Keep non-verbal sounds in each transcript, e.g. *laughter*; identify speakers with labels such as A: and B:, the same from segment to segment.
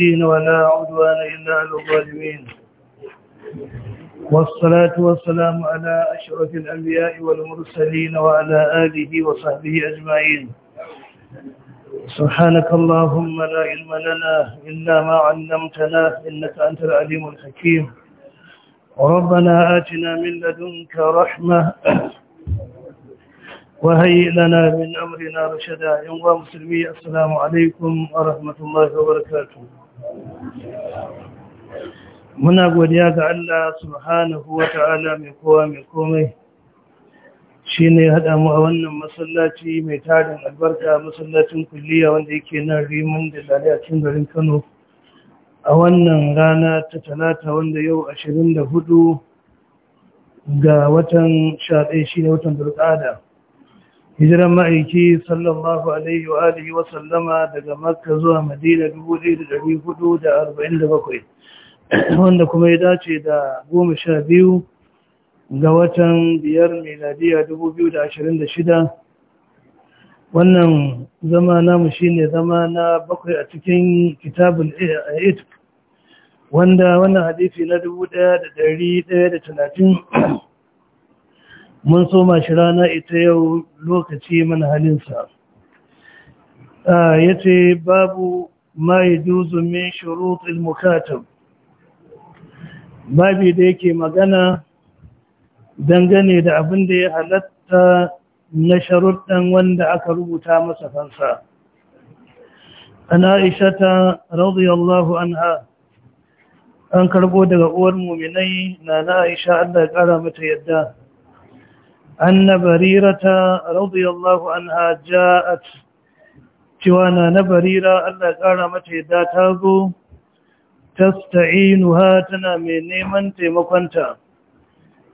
A: الدين ولا عدوان إلا على الظالمين والصلاة والسلام على أشرف الأنبياء والمرسلين وعلى آله وصحبه أجمعين سبحانك اللهم لا علم لنا إلا ما علمتنا إنك أنت العليم الحكيم ربنا آتنا من لدنك رحمة وهيئ لنا من أمرنا رشدا يوم مسلمي السلام عليكم ورحمة الله وبركاته muna godiya ga Allah subhanahu wa ta'ala mai kowa mai komai shi ne haɗa mu a wannan masallaci mai tarin albarka masallacin kulliya wanda yake nan rimun da zane a cikin garin kano a wannan rana ta talata wanda yau 24 ga watan 11 shi ne watan burkada hijiran ma'aiki sallallahu alaihi wa alihi wa sallama daga makka zuwa madina 1447 wanda kuma ya dace da goma sha biyu ga watan biyar miladiya dubu biyu da ashirin da shida wannan zama namu shine zama na bakwai a cikin kitabul itq wanda wannan hadisi na dubu ɗaya da dari ɗaya da talatin mun soma shi rana ita yau lokaci mana halinsa ah, ya ce babu ma yi juzun min shuruɗin mukatab babi da yake magana dangane da abin da ya halatta na sharuɗan wanda aka rubuta masa fansa. An Aishata radiyallahu anha an karbo daga uwar muminai na na Aisha Allah ya ƙara mata yadda. أن بريرة رضي الله عنها جاءت cewa na na barira Allah ƙara mata yadda ta zo tasta'inuha tana mai neman taimakonta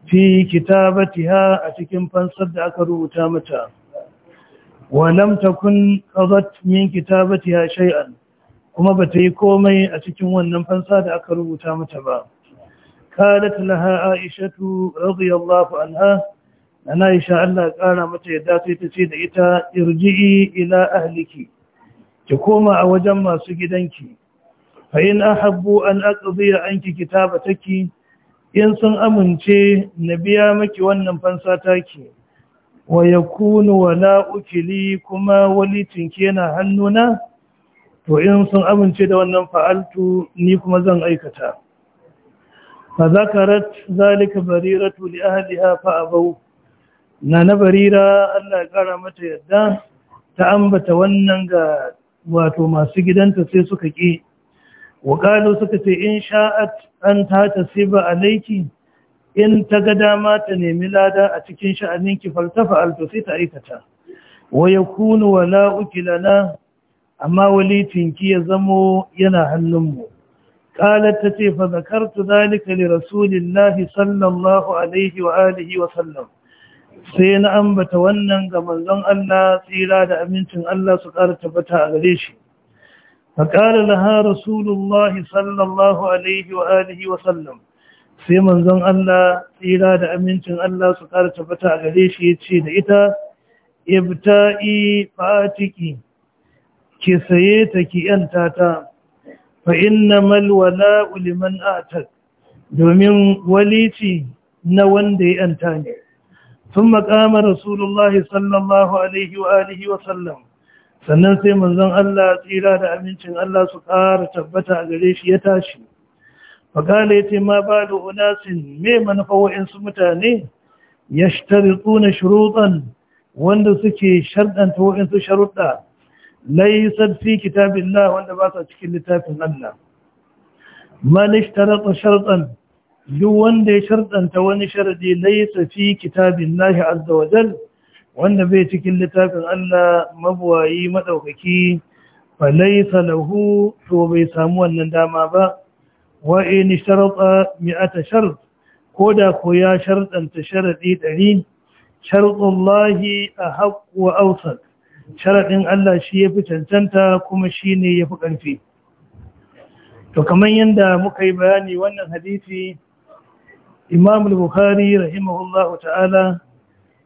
A: fi kitabatiha a cikin fansar da aka rubuta mata Wa lam takun qadat min kitabatiha shay'an kuma bata yi komai a cikin wannan fansa da aka rubuta mata ba anha, ana isha Allah kara mata yadda sai ta ce da ita, irji'i ila ahliki. Ki koma a wajen masu gidanki. fa'in ahabbu an aqdiya anki taki in sun amince na biya maki wannan fansa taki wa yakunu wala ukili kuma walitinki yana hannuna to in sun amince da wannan fa'altu ni kuma zan aikata fa zakarat zalika bariratu li ahliha fa abaw na na barira Allah ƙara kara mata yadda ta ambata wannan ga wato masu gidanta sai suka ƙi. waƙalu suka ce in sha'at an ta ta siba alaiki in ta ga dama ta nemi lada a cikin sha'aninki falsafa alto sai ta aikata wa ya kunu wa la'uki lana amma wali ya zamo yana hannunmu ƙalar ta ce fa zakartu zalika li rasulillahi sallallahu alaihi wa alihi wa sallam sai na ambata wannan ga manzon Allah tsira da amincin Allah su ƙara tabbata a gare shi فقال لها رسول الله صلى الله عليه وآله وسلم sai manzon Allah tsira da amincin Allah su ƙara tabbata a gare shi ya ce da ita ibta'i fatiki ki saye ta ki yanta ta fa innamal wala'u liman atak domin walici na wanda ya yanta ne sun maƙama rasulullahi sallallahu alaihi wa alihi wa sallam sannan sai manzon Allah tsira da amincin Allah su ƙara tabbata a gare shi ya tashi fagala yace ma ba da unasin me manufa wa'insu mutane ya shtaritsuna shurutan wanda suke sharɗanta wa'insu sharuɗa laysat fi kitabillah wanda ba sa cikin littafin Allah man ishtarata shardan, duk wanda ya sharɗanta wani sharadi laysa fi kitabillah azza wa jalla wanda bai cikin littafin Allah mabuwayi madaukaki falaisa salahu, to bai samu wannan dama ba wa in sharata mi'ata shart ko da ko ya sharɗanta sharaɗi ɗari sharɗullahi a haƙ wa ausar sharaɗin Allah shi ya fi cancanta kuma shi ne ya ƙarfi to kamar yadda muka yi bayani wannan hadisi imam bukhari rahimahullahu ta'ala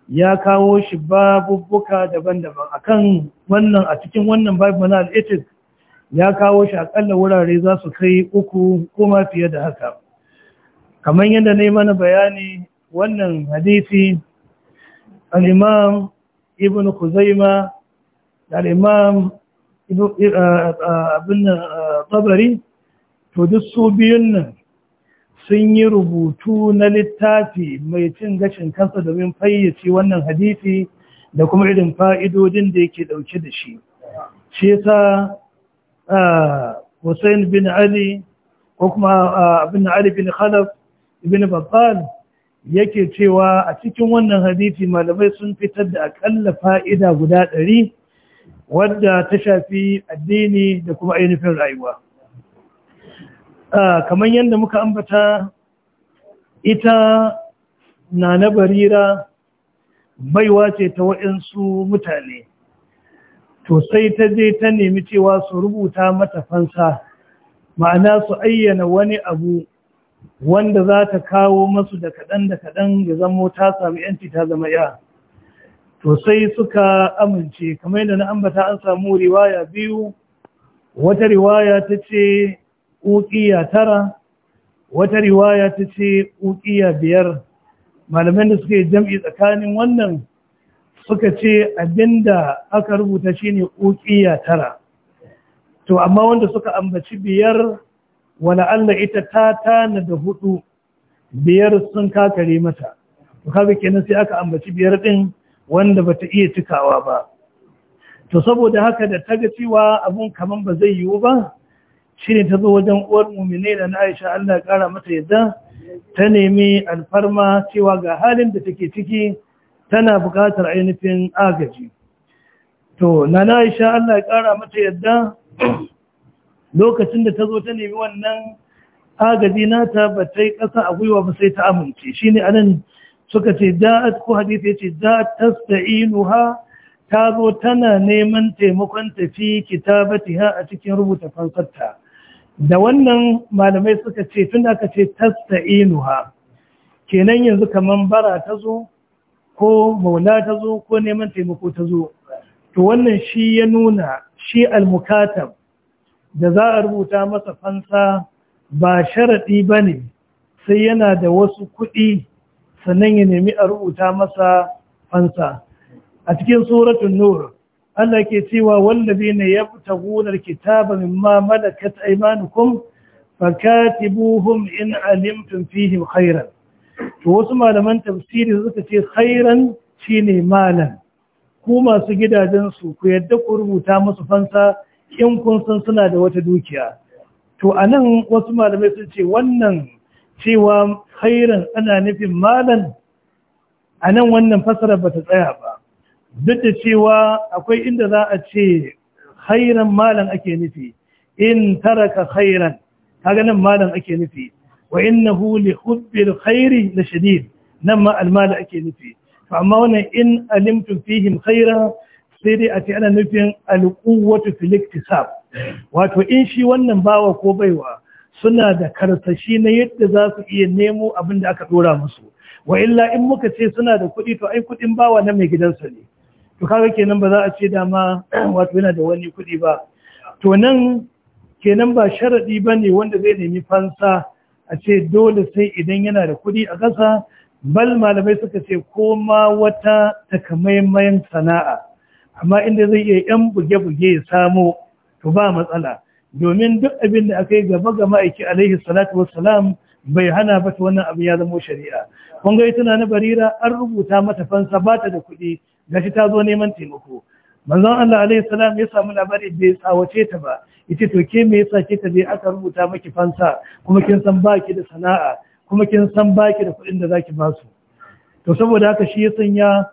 A: ya kawo shi babubuka daban-daban kan wannan a cikin wannan babu na ya kawo shi akalla wurare za su kai uku kuma fiye da haka kamar yadda na yi mana bayani wannan hadisi al'imam ibn kuzaima da al'imam eh, eh, abin da eh, tabari to duk su biyun nan sun yi rubutu na littafi mai cin gashin kansa domin fayyace wannan hadisi da kuma irin fa'idodin da yake ɗauke da shi. Ce yasa Hussein bin Ali ko kuma bin Ali bin Khalaf bin Battal yake cewa a cikin wannan hadisi malamai sun fitar da akalla fa'ida guda ɗari wadda ta shafi addini da kuma ainihin rayuwa. Ah, kamar yadda muka ambata ita na na barira baiwa ce ta waɗansu mutane to sai ta je ta nemi cewa su rubuta mata fansa ma'ana su ayyana wani abu wanda za ta kawo masu da kaɗan da kaɗan ya zamo ta sami yanci ta zama ya to sai suka amince kamar yadda na ambata an samu riwaya biyu wata riwaya ta ce uƙiya tara wata riwaya ta ce uƙiya biyar Malamai da suka yi jam'i tsakanin wannan suka ce abinda aka rubuta shine uƙiya tara to amma wanda suka ambaci biyar wala Allah ita ta tana da hudu biyar sun kakare mata to kaga kenan sai aka ambaci biyar din wanda bata iya cikawa ba to saboda haka da ta ga cewa abun kaman ba zai yiwu ba shine ta zo wajen uwar mumine da na Aisha Allah ya kara mata yadda ta nemi alfarma cewa ga halin da take ciki tana bukatar ainihin agaji to na na Aisha Allah ya kara mata yadda *clears throat* lokacin da ta zo ta nemi wannan agaji nata ba ta yi ƙasa a gwiwa ba sai ta amince shine anan suka ce da'at ko hadisi yace da'at tasta'inuha ta zo tana neman taimakon tafi kitabatiha a cikin rubuta fansarta da wannan malamai suka ce tun da aka ce ha? kenan yanzu kamar bara ta zo ko maula ta zo ko neman taimako ta zo to wannan shi ya nuna shi almukatab da za a rubuta masa fansa ba sharaɗi ba ne sai yana da wasu kuɗi sannan ya nemi a rubuta masa fansa a cikin suratun nur Allah ke cewa wallazina yabtaguna alkitaba mimma malakat aymanukum fakatibuhum in alimtum fihim khairan to wasu malaman tafsiri suka ce khairan shine malan ku masu gidajen su ku yadda ku rubuta musu fansa in kun san suna da wata dukiya to anan wasu malamai sun ce wannan cewa khairan ana nufin malan anan wannan fasara bata tsaya ba duk da cewa akwai inda za a ce hairan malan ake nufi in taraka hairan kaga malan ake nufi wa na huli hubbil hairi na shadid nan ma almal ake nufi to amma wannan in alimtum fihim khaira sai dai a ce ana nufin alquwwatu fil iktisab wato in shi wannan bawa ko baiwa suna da karsashi na yadda za su iya nemo abin da aka dora musu wa illa in muka ce suna da kuɗi to ai kuɗin bawa na mai gidansa ne to kaga kenan ba za a ce dama *clears throat* wato yana da wani kuɗi ba to nan kenan ba sharaɗi ba ne wanda zai nemi fansa a ce dole sai idan yana da kuɗi a ƙasa bal malamai suka ce ko ma wata takamaimayan sana'a amma inda zai iya yan buge-buge ya samo to ba matsala domin duk abin da aka yi gaba ga ma'aiki alaihi salatu wassalam bai hana ba ta wannan abu ya zama shari'a kun ga ita na barira an rubuta mata fansa ba ta da kuɗi gashi ta zo neman taimako manzon Allah alaihi salam ya samu labari bai tsawace ta ba yace to ke me yasa ke ta je aka rubuta maki fansa kuma kin san baki da sana'a kuma kin san baki da kuɗin da zaki ba su to saboda haka shi ya sanya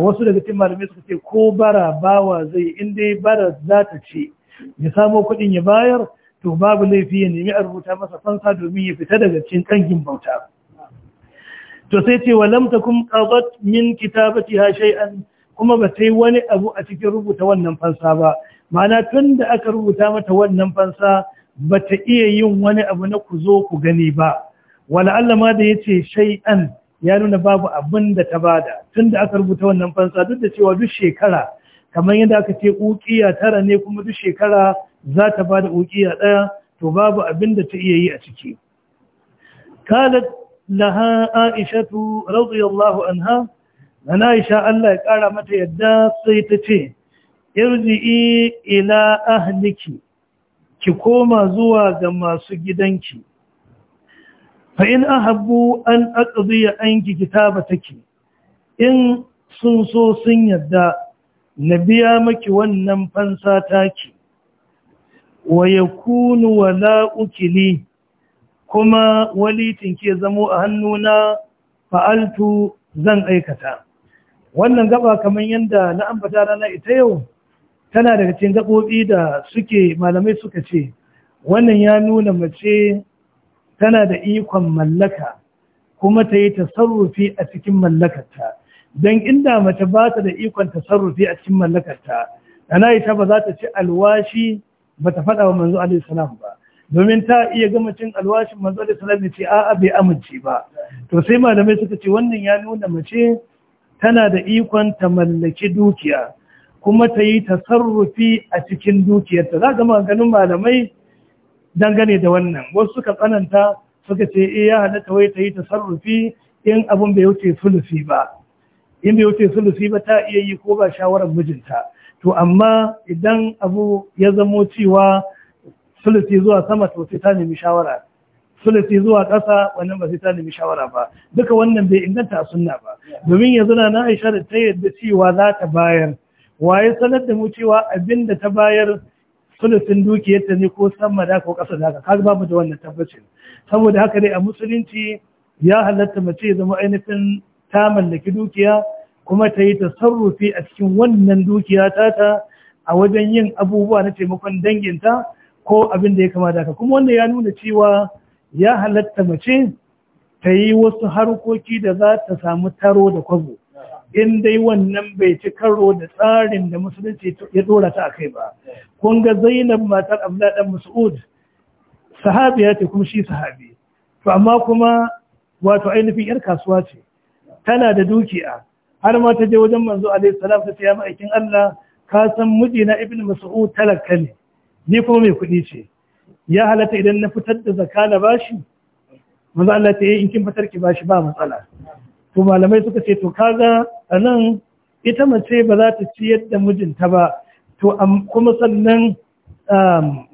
A: wasu daga cikin malamai suka ce ko bara bawa zai in dai bara za ta ce ya samo kuɗin ya bayar to babu laifi ya nemi a rubuta masa fansa domin ya fita daga cikin kangin bauta to sai ce wa lam takum qadat min kitabatiha shay'an kuma ba sai wani abu a cikin rubuta wannan fansa ba ma'ana tun da aka rubuta mata wannan fansa ba ta iya yin wani abu na ku zo ku gani ba wala Allah ma da yace shay'an ya nuna babu abin da ta bada tun da aka rubuta wannan fansa duk da cewa duk shekara kamar yadda aka ce ukiya tara ne kuma duk shekara za ta bada ukiya daya to babu abin da ta iya yi a ciki kalat لها عائشة رضي الله عنها أنا عائشة الله يقال متى يدى سيتتي ارجئي إلى أهلك كيكوما زوا جما سجدنك فإن أحب أن أقضي عنك كتابتك إن سنسو سن يدى نبيا مك ونن فانساتاك ويكون ولاؤك لي kuma walitin ke zamo a hannuna fa'altu zan aikata wannan gaba kamar yadda na ambata rana ita yau tana daga cikin gaɓoɓi da suke malamai suka ce wannan ya nuna mace tana da ikon mallaka kuma ta yi tasarrufi a cikin mallakarta don inda mace ba ta da ikon tasarrufi a cikin mallakarta ana ta ba za ta ci alwashi ba ta faɗa wa manzo alaihi salam ba domin ta iya gama cin alwashin manzo da ce a a'a bai amince ba to sai malamai suka ce wannan ya nuna mace tana da ikon ta mallaki dukiya kuma ta yi tasarrufi a cikin dukiyarta za gama ganin malamai dangane da wannan wasu suka tsananta suka ce e ya halatta wai ta yi tasarrufi in abin bai wuce sulufi ba in bai wuce sulufi ba ta iya yi ko ba shawarar mijinta to amma idan abu ya zamo cewa sulusi zuwa sama to sai ta nemi shawara sulusi zuwa ƙasa wannan ba sai ta nemi shawara ba duka wannan bai inganta sunna ba domin yanzu na na Aisha da ta yadda cewa za ta bayar waye sanar da mu cewa abin ta bayar sulusin dukiyarta ne ko sama da ko ƙasa da haka ba babu da wannan tabbacin saboda haka dai a musulunci ya halatta mace ya zama ainihin ta mallaki dukiya kuma ta yi tasarrufi a cikin wannan dukiya ta a wajen yin abubuwa na taimakon danginta ko abin da ya kamata ka kuma wanda ya nuna cewa ya halatta mace ta yi wasu harkoki da za ta samu taro da kwabo in dai wannan bai ci karo da tsarin da musulunci ya dora ta a kai ba kun ga zainab matar Abdullahi dan mas'ud sahabiya ce kuma shi sahabi to amma kuma wato ainihin yar kasuwa ce tana da dukiya har ma ta je wajen manzo alaihi salam ta ce ya ma'aikin Allah ka san mijina ibnu mas'ud talakka ne ni kuma mai kuɗi ce ya halatta idan na fitar da zaka na bashi manzo Allah ta yi eh, in kin fitar ki bashi ba matsala to malamai suka ce to kaga anan ita mace ba za ta ci yadda mijinta ba to kuma sannan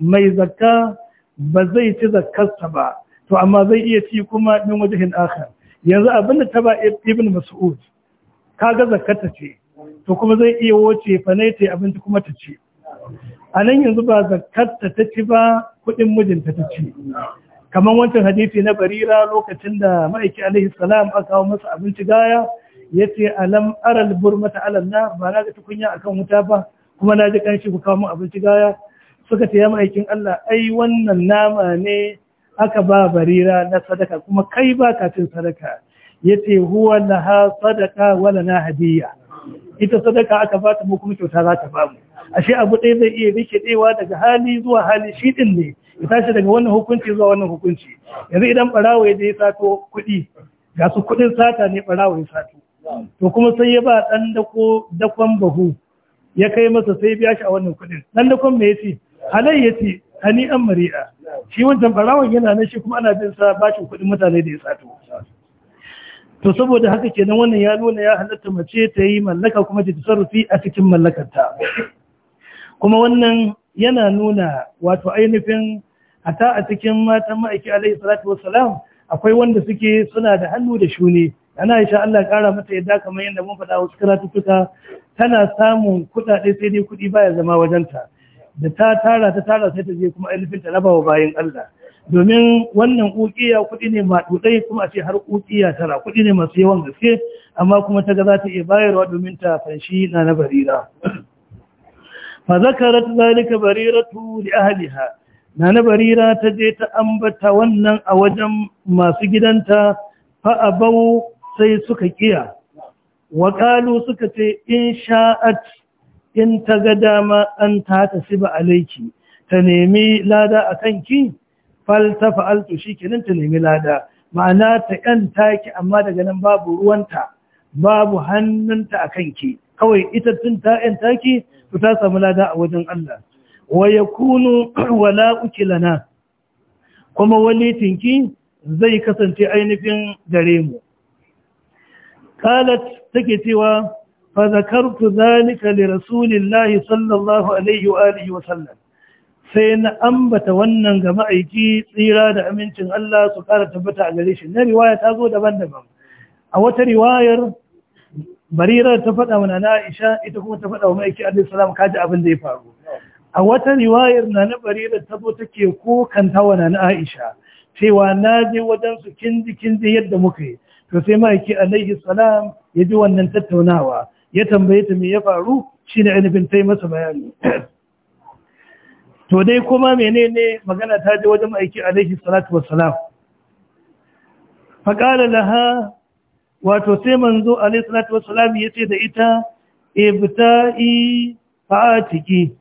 A: mai zakka ba zai ci zakkarsa ba to amma zai iya ci kuma min wajihin akhar yanzu abin da ta ba ibn mas'ud kaga zakkarta ce to kuma zai iya wuce fa ne ta abinci kuma ta ce a nan yanzu ba zakarta ta ci ba kuɗin mijinta ta ci kamar wancan hadisi na barira lokacin da ma'aiki alaihi salam aka kawo masa abinci gaya ya ce alam aral burmata alanna ba na ga tukunya akan wuta ba kuma na ji kanshi ku kawo abinci gaya suka ce ya ma'aikin Allah ai wannan nama ne aka ba barira na sadaka kuma kai ba ka cin sadaka ya ce huwa ha sadaka wala na hadiya ita sadaka aka ba ta mu kuma kyauta za ta ba mu ashe abu ɗaya zai iya ɗewa daga hali zuwa hali shi ɗin ne ya tashi daga wannan hukunci zuwa wannan hukunci yanzu idan barawo ya je ya sato kuɗi ga su kuɗin sata ne barawo ya sato to kuma sai ya ba ɗan dako dakon bahu ya kai masa sai biya shi a wannan kuɗin ɗan dakon me ya ce? halai ce hani an mari'a shi wancan barawon yana nan shi kuma ana bin sa bashin kuɗin mutane da ya sato to saboda haka kenan wannan ya nuna ya halatta mace ta yi mallaka kuma ta tasarrufi a cikin mallakarta kuma wannan yana nuna wato ainihin a ta a cikin matan ma'aiki alaihi salatu wassalam akwai wanda suke suna da hannu da shuni ana isha Allah kara mata yadda kamar yadda mun faɗa wasu karatuttuka tana samun kuɗaɗe sai dai kuɗi baya zama wajenta da ta tara ta tara sai ta je kuma ainihin ta raba wa bayan Allah domin wannan ƙuƙiya kuɗi ne maɗuɗai kuma a ce har ƙuƙiya tara kuɗi ne masu yawan gaske amma kuma ta ga za ta iya bayarwa domin ta fanshi na na barira فذكرت ذلك بريره bariratu نانا بريره تجي barira ta je ta ambata wannan a wajen masu gidanta fa abau sai suka kiya wa suka ce in sha'at in ta ga dama an ta tasiba alayki ta nemi lada akan ki fal ta fa'altu kenan ta nemi lada ma'ana ta yan taki amma daga nan babu ruwanta babu hannunta akan ki kawai ita tun ta yan taki to ta samu lada a wajen Allah wa yakunu *clears throat* wala ukilana kuma wani tinki zai kasance ainihin gare mu qalat take cewa fa zakartu zalika li rasulillahi sallallahu alaihi wa alihi wa sallam sai na ambata wannan ga ma'aiki tsira da amincin Allah su ƙara tabbata a gare shi na riwaya ta zo daban-daban a wata riwayar barira ta faɗa wa nana aisha ita kuma ta faɗa wa Maiki alaihi salam kaji abin da ya faru a wata riwayar nana barira ta zo take kanta wa nana aisha cewa na je wajen su kinji kinji yadda muka yi to sai ma'aiki alaihi salam ya ji wannan tattaunawa ya tambaye ta me ya faru shine ainihin ta yi masa bayani to dai kuma menene magana ta je wajen ma'aiki alaihi salatu wassalam faƙala laha wato sai manzo alayhi salatu wassalam ya da ita ibta'i fatiki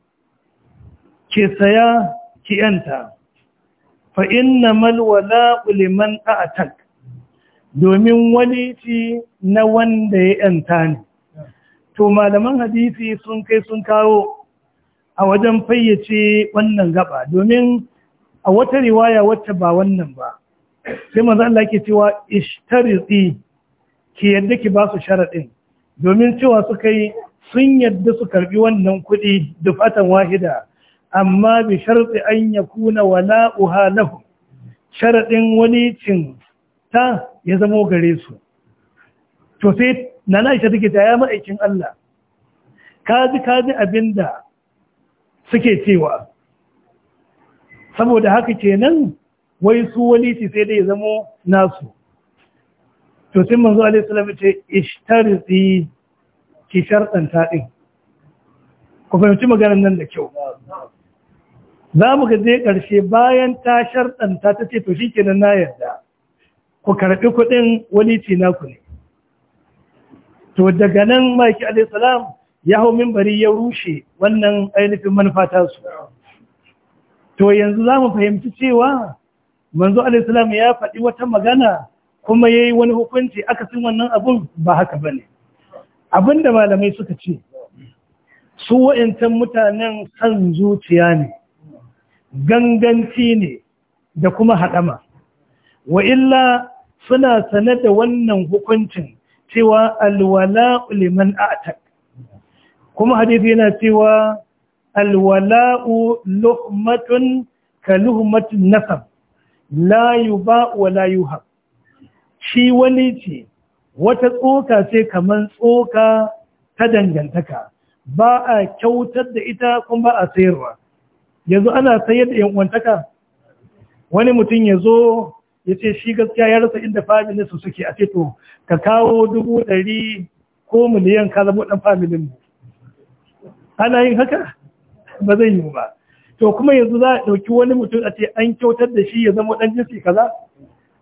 A: ke saya ki yanta fa mal wala liman a'tak domin wani ci na wanda ya yanta ne to malaman hadisi sun kai sun kawo a wajen fayyace wannan gaba domin a wata riwaya wacce ba wannan ba sai manzo Allah yake cewa ishtariti ki yadda ki ba su sharaɗin domin cewa suka yi sun yadda su karɓi wannan kuɗi da fatan wahida amma bi sharaɗi an ya kuna wala uha lahu sharaɗin wani cin ta ya zama gare su to sai na isha take ta ya ma'aikin Allah ka ka ji ji abin da suke cewa saboda haka kenan wai su wani sai dai ya zamo nasu to sai manzo alayhi salam ce ishtarzi ki shartanta din ku fahimci maganar nan da kyau za mu ga zai ƙarshe bayan ta shartanta ta ce to shi kenan na yarda ku karɓi kuɗin wani ce naku ne to daga nan maki alayhi salam ya hau mimbari ya rushe wannan ainihin manufa ta su to yanzu za mu fahimci cewa manzo alayhi salam ya faɗi wata magana kuma ya yi wani hukunci aka sun wannan abun ba haka ba ne abinda malamai suka ce su wa'intan mutanen san zuciya ne ganganci ne da kuma haɗama wa illa suna sane da wannan hukuncin cewa alwala liman atak kuma hadisi yana cewa alwala'u luhmatun ka luhmatun nasab la yuba wa la yuhab shi wani ce wata tsoka ce kamar tsoka ta dangantaka ba a kyautar da ita kuma ba a sayarwa yanzu ana sayar da 'yan yankwantaka wani mutum ya zo ya ce shi gaskiya ya rasa inda family su suke a to ka kawo dubu ɗari ko miliyan ka zama ɗan family mu ana yin haka ba zai yi ba to kuma yanzu za a ɗauki wani mutum a ce an kyautar da shi ya zama ɗan jinsi kaza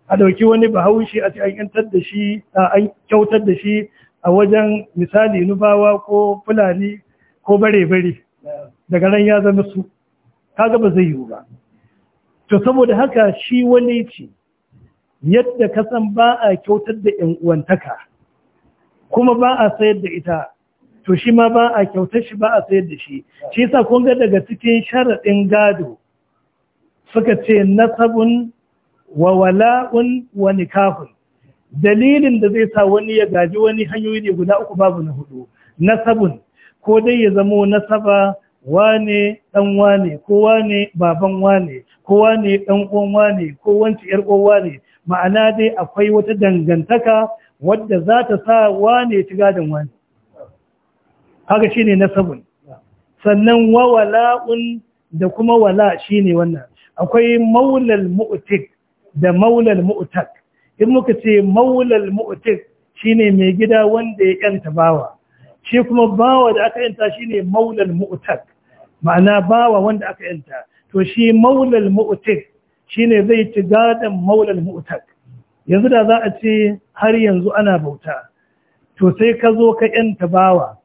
A: a ɗauki wani bahaushe a ce an yantar da shi an kyautar da shi a wajen misali nubawa ko fulani ko bare-bare daga nan ya zama su kaga ba zai yiwu ba to saboda haka shi wani ce yadda ka san ba a kyautar da yan uwantaka kuma ba a sayar da ita to shi ma ba a kyautar shi ba a sayar da shi shi sa kun ga daga cikin sharaɗin gado suka ce nasabun wa wala'un wa nikahun dalilin da zai sa wani ya gaji wani hanyoyi ne guda uku babu na hudu nasabun ko dai ya zamo nasaba wane dan wane ko wane baban wane ko wane dan uwan wane ko wanci yar uwan wane ma'ana dai akwai wata dangantaka wadda za ta sa wane ta gadon wane haka shine nasabun sannan wa wala'un da kuma wala shine wannan akwai maulal mu'tik da maulal mu'tak in muka ce maulal mu'tak shine mai gida wanda ya yanta bawa shi kuma bawa da aka yanta shine maulal mu'tak ma'ana bawa wanda aka yanta to shi maulal mu'tak shine zai ci gadan maulal mu'tak yanzu da za a ce har yanzu ana bauta to sai ka zo ka yanta bawa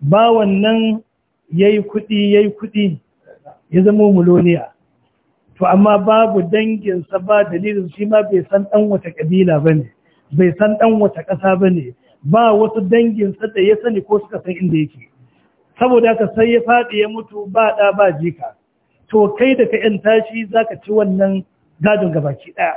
A: bawan nan yayi kudi yayi kuɗi, ya zama muloniya to amma babu danginsa ba dalilin shi ma bai san ɗan wata ƙabila ba ne bai san ɗan wata ƙasa ba ne ba wasu danginsa da ya sani ko suka san inda yake saboda haka sai ya faɗi ya mutu ba ɗa ba jika to kai da ka ‘yan tashi za ka ci wannan gadon gabaki ɗaya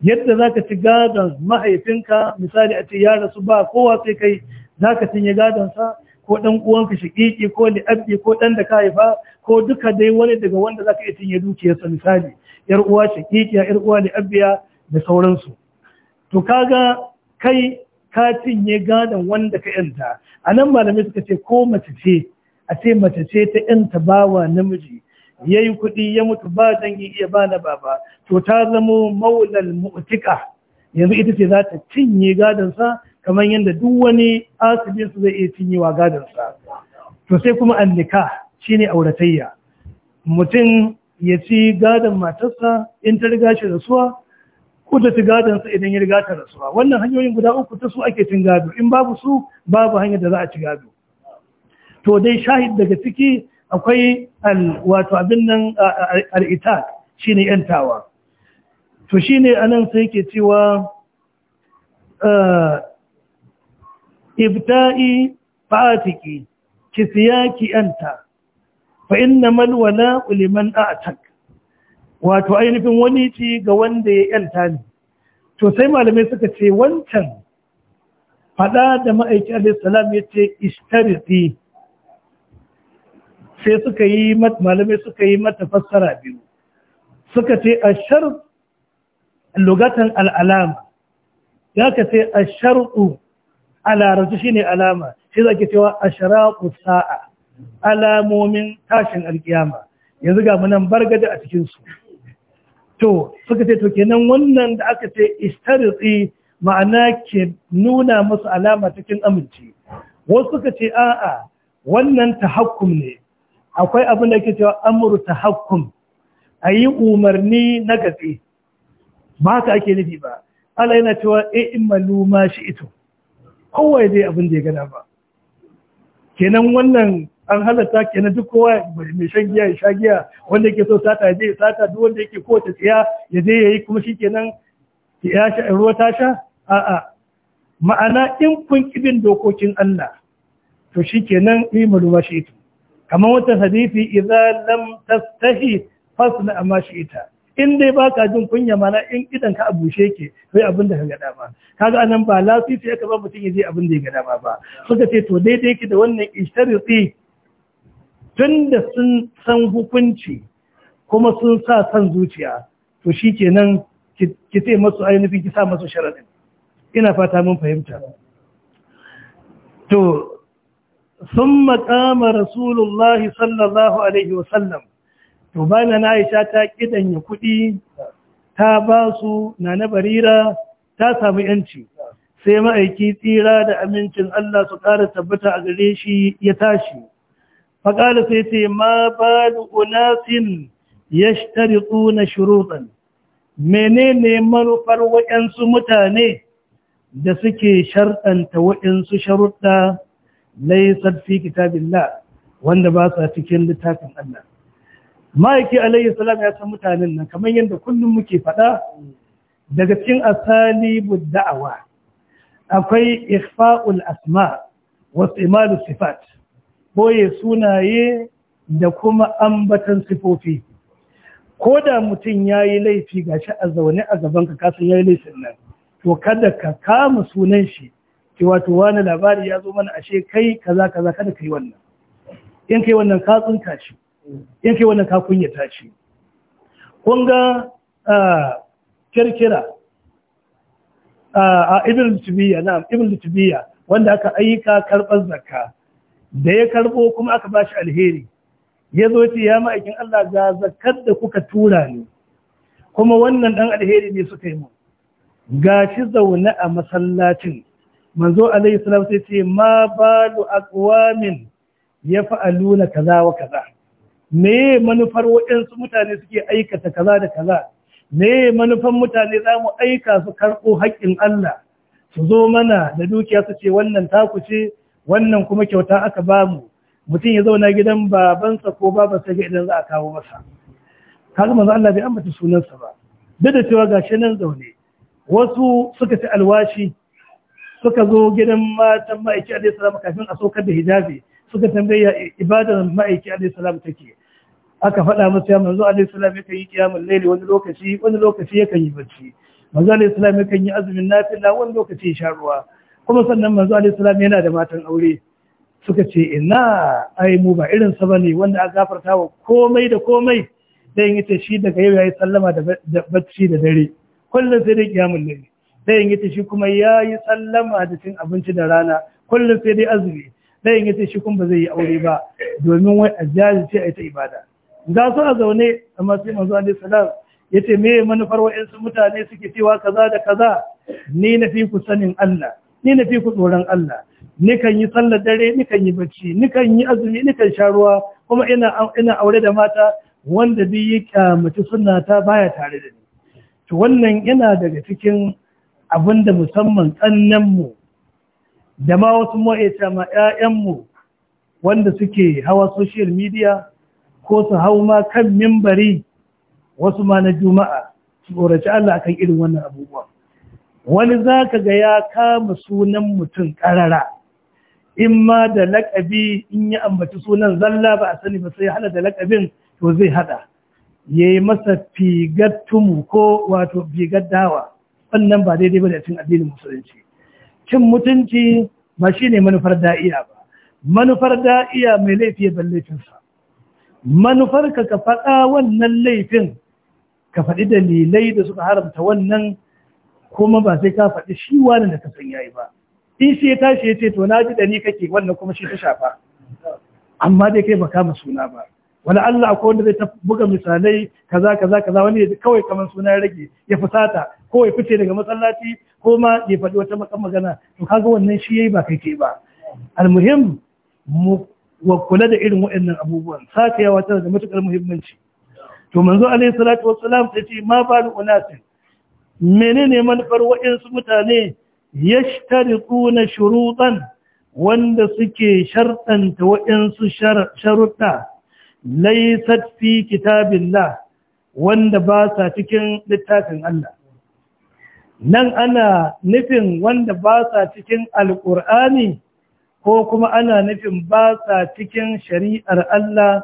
A: yadda za ka ci gadon mahaifinka misali a ce ya rasu ba kowa sai kai za ka cinye sa? ko dan uwanka shiƙiƙi ko abdi ko dan da ka haifa ko duka dai wani daga wanda za ka iya cinye dukiyarsa misali yar uwa shiƙiƙiya yar uwa li'abbiya da sauransu to kaga kai ka cinye gadon wanda ka yanta a nan malamai suka ce ko mace ce a ce mace ce ta yanta bawa namiji ya yi kuɗi ya mutu ba dangi iya ba na baba to ta zamo maulal mu'tika yanzu ita ce za ta cinye sa kamar yadda duk wani asibinsu zai iya cinyewa gadonsa, to sai kuma annika ne auratayya mutum ya ci gadon matarsa in ta riga shi rasuwa ko ta ci gadonsa idan ya riga ta rasuwa wannan hanyoyin guda uku ta su ake cin gado in babu su babu hanyar da za a ci gado to dai shahid daga ciki akwai wato abin nan alita shi ne ‘yantawa to shi ne anan sai ke cewa eh, ibta'i fatiki ki siya ki yanta fa wala liman a'tak wato ainihin wani ci ga wanda ya yanta ne to sai malamai suka ce wancan fada da ma'aiki alaihissalam ya ce ishtariti sai suka yi malamai suka yi mata fassara biyu suka ce a lugatan al'alama ya ka ce a a larabci shine alama shi zaki cewa sharaƙu sa'a alamomin tashin alkiyama yanzu ga munan bargaje a cikinsu. to suka ce to kenan wannan da aka ce istarisi ma'ana ke nuna musu alama cikin amince wasu suka ce a'a wannan tahakkum ne akwai abin da ke cewa amru tahakkum yi umarni na gatsi ba haka ake nufi ba Allah yana cewa e in maluma shi ito kowa ya abin da ya gana ba kenan wannan an halatta kenan duk kowa mai shan giya ya sha giya wanda yake so sata ya je sata duk wanda yake kowace tsiya ya je ya yi kuma shi kenan ya sha ruwa ta sha a'a ma'ana in kun kibin dokokin Allah to shi kenan yi maluma shi ita kamar wata hadisi idan lam tastahi fasna amma ita in dai ba ka jin kunya mana in idan ka abushe ke kai abin da ka ga dama kaga anan ba lafifi ya ba mutum ya je abin da ya ga dama ba suka ce to daidai ki da wannan ishtariti tunda sun san hukunci kuma sun sa san zuciya to shikenan ki ce masu ainihin ki sa masu sharadin ina fata mun fahimta to sun maƙama صلى sallallahu alaihi وسلم to bana na aisha ta kidanya kuɗi ta ba su na barira ta samu yanci sai ma'aiki tsira da amincin Allah su ƙara tabbata a gare shi ya tashi faƙala sai ce ma ba da unasin ya shtari tsuna shuruɗan menene manufar waɗansu mutane da suke sharɗanta waɗansu sharuɗa laisar fi kitabillah wanda ba sa cikin littafin Allah ma'aiki alayhi salam ya san mutanen nan kamar yadda kullum muke faɗa daga cikin asali da'awa akwai ikhfa'ul asma wasu imalu sifat boye sunaye da kuma ambatan sifofi ko da mutum ya yi laifi ga shi a zaune a gaban ka kasan ya yi laifin nan to kada ka kama sunan shi ki wato wani labari ya zo mana ashe kai kaza kaza kada ka yi wannan in ka yi wannan ka tsinka shi ya ce wannan kakun ya tashi kun ga kirkira a ibn tubiya na ibn tubiya wanda aka aika karɓar zakka da ya karɓo kuma aka bashi alheri ya zo ce ya ma'aikin Allah ga zakkar da kuka tura ni kuma wannan dan alheri ne suka yi mu shi zaune a masallacin manzo alaihi salam sai ce ma balu aqwamin yaf'aluna kaza wa kaza me manufar waɗansu mutane suke aikata kaza da kaza me manufan mutane za mu aika su karɓo haƙƙin Allah su zo mana da dukiya su ce wannan taku ce wannan kuma kyauta aka ba mu mutum ya zauna gidan babansa ko babansa ga idan za a kawo masa kaga manzo Allah bai ambata sunansa ba duk da cewa gashi nan zaune wasu suka ci alwashi suka zo gidan matan ma'aiki alaihi salama kafin a saukar da hijabi suka tambaya ibadar ma'aiki alaihi salam take aka faɗa masa ya manzo alaihi salam yake yi kiyamul laili wani lokaci wani lokaci yakan yi bacci manzo alaihi salam yakan yi azumin nafila wani lokaci ya sha ruwa kuma sannan manzo alaihi salam yana da matan aure suka ce ina ai mu ba irin sa bane wanda aka gafarta wa komai da komai dan yace shi daga yau yayi sallama da bacci da dare kullum sai dai qiyamul layli dan yace shi kuma yayi sallama da cin abinci da rana kullum sai dai azumi sai ya ce shi kun ba zai yi aure ba domin wai a jajirce a yi ta ibada ga su a zaune amma sai manzo alaihi salam ya me manufar wa'insu mutane suke cewa kaza da kaza ni na fi ku sanin Allah ni na fi ku tsoron Allah ni kan yi sallar dare ni kan yi bacci ni kan yi azumi ni kan sha ruwa kuma ina ina aure da mata wanda bi ya kyamaci sunna ta baya tare da ni to wannan yana daga cikin abin da musamman tsannen mu da ma wasu ma'aita ma 'ya'yanmu wanda suke hawa social media ko su hau ma kan mimbari wasu ma na juma'a su tsoraci Allah akan irin wannan abubuwa wani za ka ga ya kama sunan mutum ƙarara in ma da laƙabi in yi ambaci sunan zalla ba a sani ba sai hada da laƙabin to zai haɗa. ya yi masa figar tumu ko wato figar dawa wannan ba daidai ba da cin addinin musulunci cin mutunci ba shi ne manufar da'iya ba manufar da'iya mai laifi ya ban laifinsa manufar ka ka faɗa wannan laifin ka faɗi dalilai da suka haramta wannan kuma ba sai ka faɗi shi wani da ka san yayi ba in shi ya tashi ya ce to na ji da ni kake wannan kuma shi ta shafa amma dai kai ba kama suna ba wani Allah akwai wanda zai ta buga misalai kaza kaza kaza wani kawai kamar suna ya rage ya fusata ko ya fice daga masallaci ko ma ya faɗi wata makan magana to kaga wannan shi yayi ba kai ke ba almuhim mu wa kula da irin waɗannan abubuwan sake yawa tana da matukar muhimmanci to manzo alaihi salatu wassalam ta ce ma ba balu unasi menene manufar waɗansu mutane yashtariquna shurutan wanda suke sharɗanta waɗansu sharuɗa laysat fi kitabillah wanda ba sa cikin littafin Allah nan ana nufin wanda ba sa cikin alƙur'ani ko kuma ana nufin ba sa cikin shari'ar Allah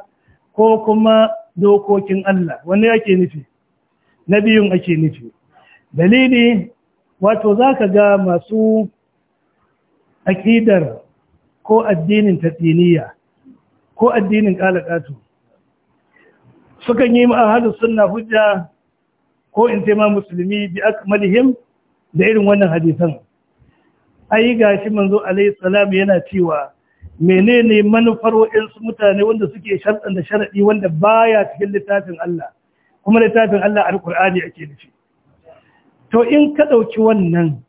A: ko kuma dokokin Allah wani ake nufi na biyun ake nufi dalili wato za ka ga masu aƙidar ko addinin tattiniya ko addinin ƙalaƙatu sukan yi ma'ahadu suna hujja ko in sai ma musulmi bi akmalihim da irin wannan hadisan ai gashi manzo alaihi salam yana cewa menene manufar waɗansu mutane wanda suke sharɗan da sharaɗi wanda baya cikin littafin Allah kuma littafin Allah alƙur'ani ake shi. to in ka ɗauki wannan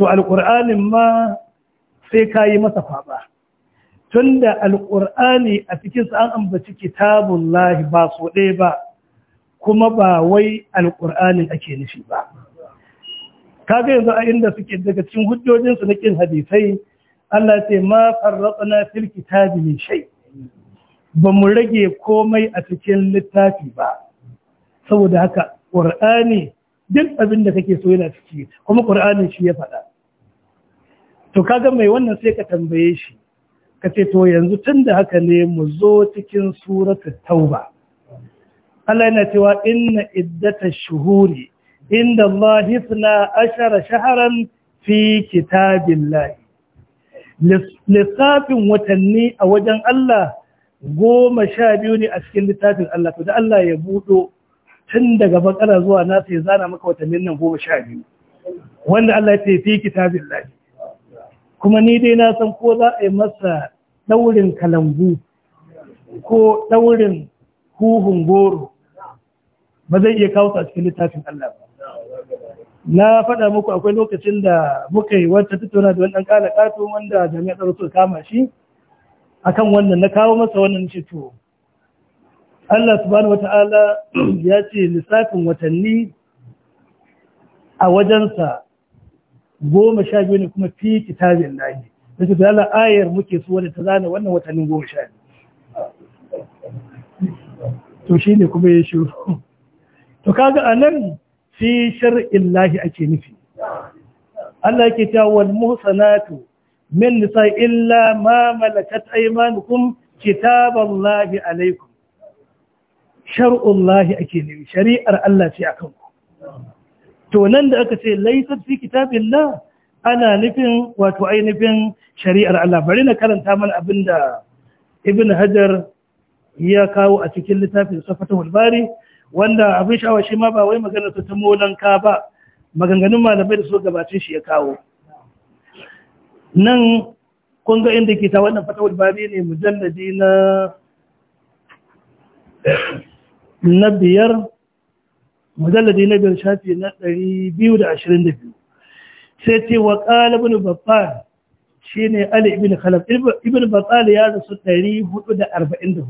A: to alƙur'anin ma sai ka yi masa faɓa Tunda da alƙur'ani a cikinsa an ambaci kitabun ba so ɗaya ba kuma ba wai alƙur'anin ake nufi ba kaga yanzu a inda suke daga cikin hujjojinsu na kin hadisai Allah ce ma na fil kitabi min shay ba mu rage komai a cikin littafi ba saboda haka ƙur'ani duk abin da kake so yana ciki kuma ƙur'ani shi ya faɗa to kaga mai wannan sai ka tambaye shi ka ce to yanzu tun da haka ne mu zo cikin suratul tauba Allah yana cewa inna iddata shuhuri inda Allah hifna ashara shaharan fi kitabillahi lissafin watanni a wajen Allah goma sha biyu ne a cikin littafin Allah to da Allah ya buɗo tun daga bakara zuwa na ya zana maka watannin nan goma sha biyu wanda Allah ya ce fi kitabillahi kuma ni dai na san ko za a yi masa ɗaurin kalambu ko ɗaurin huhun goro ba zai iya kawo a cikin littafin Allah ba na faɗa muku akwai lokacin da muka yi wata tattauna da wannan kala kato wanda jami'a tsaro suka kama shi akan wannan na kawo masa wannan ce to Allah subhanahu wata'ala *clears throat* ya ce lissafin watanni a wajensa goma sha biyu ne kuma fi kitabin lahi da Allah ayar muke so wadda ta zana wannan watannin goma sha biyu to shi ne kuma ya shiru to kaga anan fi shar'in lahi ake nufi Allah ke ta wal muhsanatu min nisa illa ma malakat aymanukum alaiku. alaikum lahi ake nufi shari'ar Allah ce akan ku to nan da aka ce laysat fi kitabillah ana nufin wato ainihin shari'ar Allah bari na karanta mana abinda ibn hajar ya kawo a cikin littafin safatul bari wanda abin sha'awa shi ma ba wai magana ta ta molanka ba maganganun malamai da su gabacin shi ya kawo nan kun ga inda ke ta wannan fatawar bari ne mujalladi na na biyar mujalladi na biyar shafi na 222 sai ce wa bin babban shi ne ali ibn khalaf ibn batsali ya rasu 444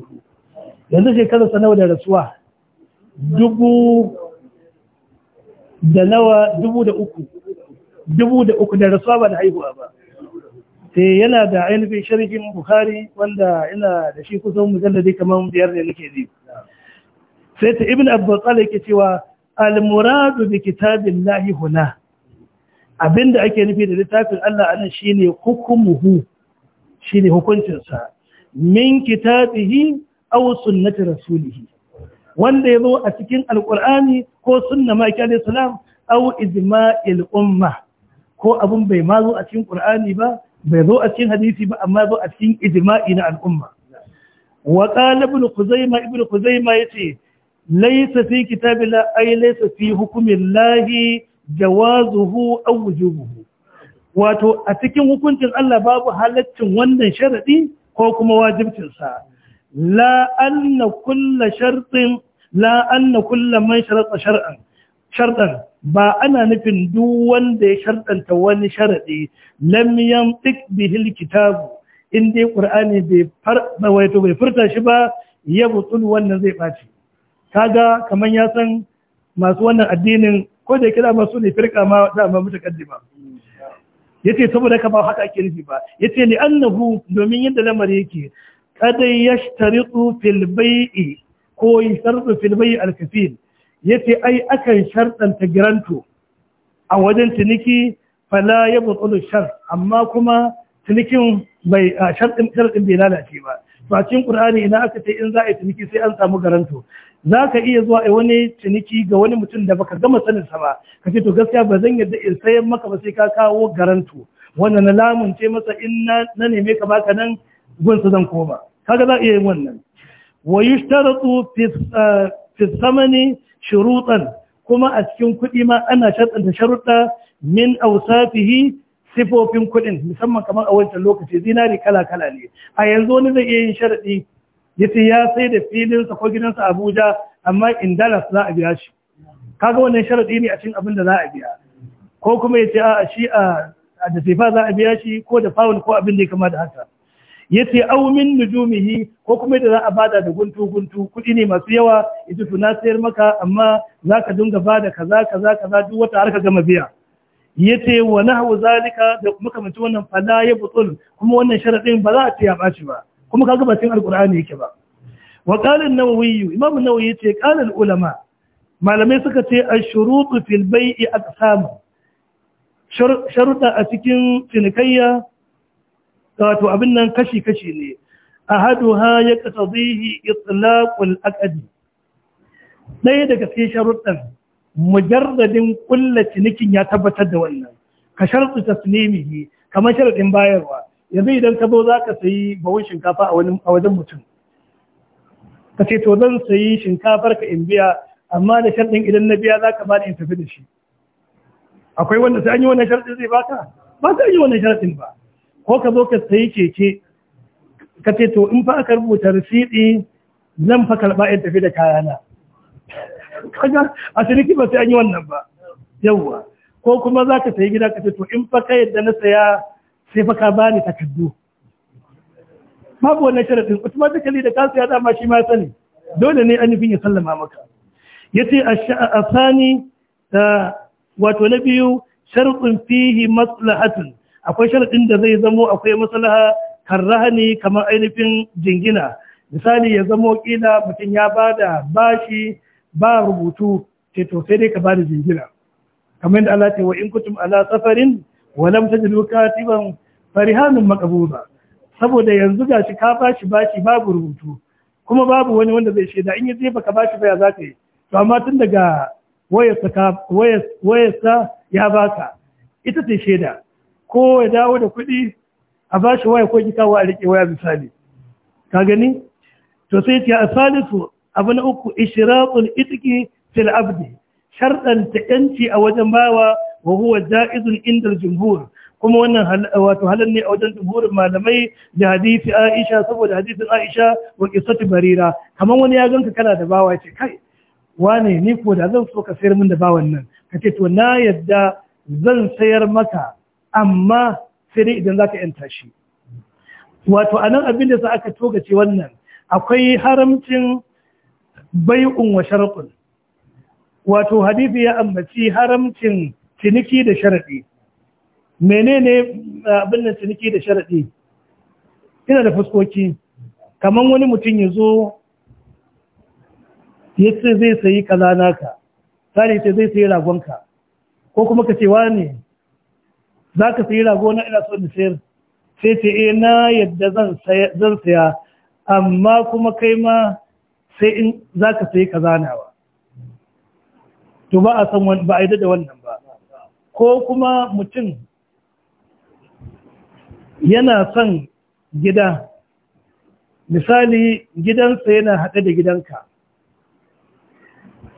A: yanzu shekararsa nawa da rasuwa dubu da nawa dubu da uku dubu da uku da rasuwa ba da haihuwa ba sai eh, yana da ainihin sharhin Buhari, wanda ina da shi kusan mujalladi kamar biyar ne nake ji sai ta ibn abdul yake cewa al-muradu bi kitabillahi huna abinda ake nufi da littafin Allah anan shine hukumuhu shine hukuncinsa min kitabihi aw sunnati rasulihi. wanda ya zo a cikin alkur'ani ko sunna maki alaihi au ijma'il umma ko abin bai ma zo a cikin qur'ani ba bai zo a cikin hadisi ba amma zo a cikin ijma'i na al'umma wa qala ibn khuzaima ibn khuzaima yace laysa fi kitabillah ay laysa fi hukmillahi jawazuhu aw wujubuhu wato a cikin hukuncin Allah babu halaccin wannan sharadi ko kuma wajibcin La'anna anna kulla man sharata shar'an ba ana nufin duk wanda ya sharɗanta wani sharaɗi. Lamiyan yantiq bihi alkitabu in dai bai furta shi ba ya butul wannan zai baci kaga kaman ya san masu wannan addinin ko da kira masu ne firka ma da ba. Ya yace saboda ka ba haka ake nufi ba yace li annahu domin yadda lamari yake kada ya fil bai'i ko yashtaritu fil ya ce ai akan sharɗanta giranto a wajen ciniki fala yabtul shar amma kuma cinikin bai sharɗin sharɗin bai lalace ba to ƙur'ani, ina aka ce in za a yi ciniki sai an samu garanto za ka iya zuwa a wani ciniki ga wani mutum da baka gama sanin sa ba ka ce to gaskiya ba zan yarda in sayar maka ba sai ka kawo garanto wannan na ce masa in na neme ka baka nan gunsa zan koma kaga za a iya yin wannan wa yushtaratu fi samani ah, shurutan kuma a cikin kuɗi ma ana shaɗanta sharuɗa min awsafihi sifofin kuɗin musamman kamar a wancan lokaci zinari kala kala ne a yanzu wani zai iya yin sharaɗi yace ya sai da filinsa ko gidansa Abuja amma in Dallas za a biya shi kaga wannan sharadi ne a cikin abin da za a biya ko kuma yace a shi a da za a biya shi ko da pound ko abin da ya kama da haka yace ce min nujumihi ko kuma da za a bada da guntu guntu kudi ne masu yawa ita tuna sayar maka amma zaka dinga bada kaza kaza kaza duk wata har ka gama biya Ya ce, wa nahwu zalika da muka mutu wannan fala ya butul kuma wannan sharaɗin ba za a ce ya ɓaci ba kuma ka ba Alƙur'ani yake ba wa ƙalin an-nawawi imam nawawi ulama malamai suka ce a shurutu fil bai'i aqsam sharuɗa a cikin cinikayya wato abin nan kashi-kashi ne ha ya qatadhihi itlaqul aqd ɗaya daga cikin sharuɗan mujarradin ƙulla cinikin ya tabbatar da wannan ka ta taslimihi kamar sharuɗin bayarwa yanzu idan ka zo za ka sayi bawon shinkafa a wajen mutum ka ce to zan sayi shinkafar ka in biya amma da sharuɗin idan na biya za ka ba da in tafi da shi akwai wanda sai an yi wannan sharuɗin zai baka ba sai an yi wannan sharuɗin ba ko ka zo ka sayi keke ka ce to in fa aka rubuta rasidi nan fa karba in tafi da kayana *laughs* kaga a ciniki ba sai an yi wannan ba yawwa ko kuma za ka sayi gida ka ce to in fa ka yadda na saya sai fa ka bani takardu babu wannan sharadin automatically da ka saya dama shi ma sani dole ne an yi ya sallama maka yace asani wato na biyu sharqun fihi maslahatun akwai sharaɗin da zai zamo akwai maslaha kan rahani kamar ainihin jingina misali ya zamo kila mutum ya ba da bashi ba rubutu ce to sai dai ka ba da jingina kamar yadda Allah ce wa in kutum ala safarin wa lam tajidu katiban farihanun ba saboda yanzu gashi ka bashi bashi babu rubutu kuma babu wani wanda zai shaida in ya je baka bashi ba ya zaka yi to amma tun daga wayarsa ya baka ita ce shaida ko ya dawo da kuɗi a ba shi waya ko kawo a riƙe waya misali ka gani to sai ce a salisu abu na uku ishiratul itiki fil abdi sharɗanta yanci a wajen bawa wa huwa ja'izun Indar jumhur kuma wannan wato halal ne a wajen jumhurin malamai da hadisi Aisha saboda hadisin Aisha wa qissatu Barira kamar wani ya ganka kana da bawa ce kai wane ni ko da zan so ka sayar min da bawan nan kace to na yadda zan sayar maka amma sai dai idan za ka yanta shi wato a nan abin da sa aka ce wannan akwai haramcin bai'un wa sharqun wato hadisi ya ambaci haramcin ciniki da sharaɗi. menene eh, abin da ciniki da sharaɗi? ina da fuskoki kamar wani mutum ya zo yace zai sayi kaza naka sai ce zai sayi ragonka ko kuma ka ce ne? za ka sayi rago na ina so in sayar sai ce eh na yadda zan saya amma kuma kai ma sai in za ka sayi kazanawa to ba a san ba a yi da wannan ba ko kuma mutum yana son gida misali gidansa yana haɗe da gidanka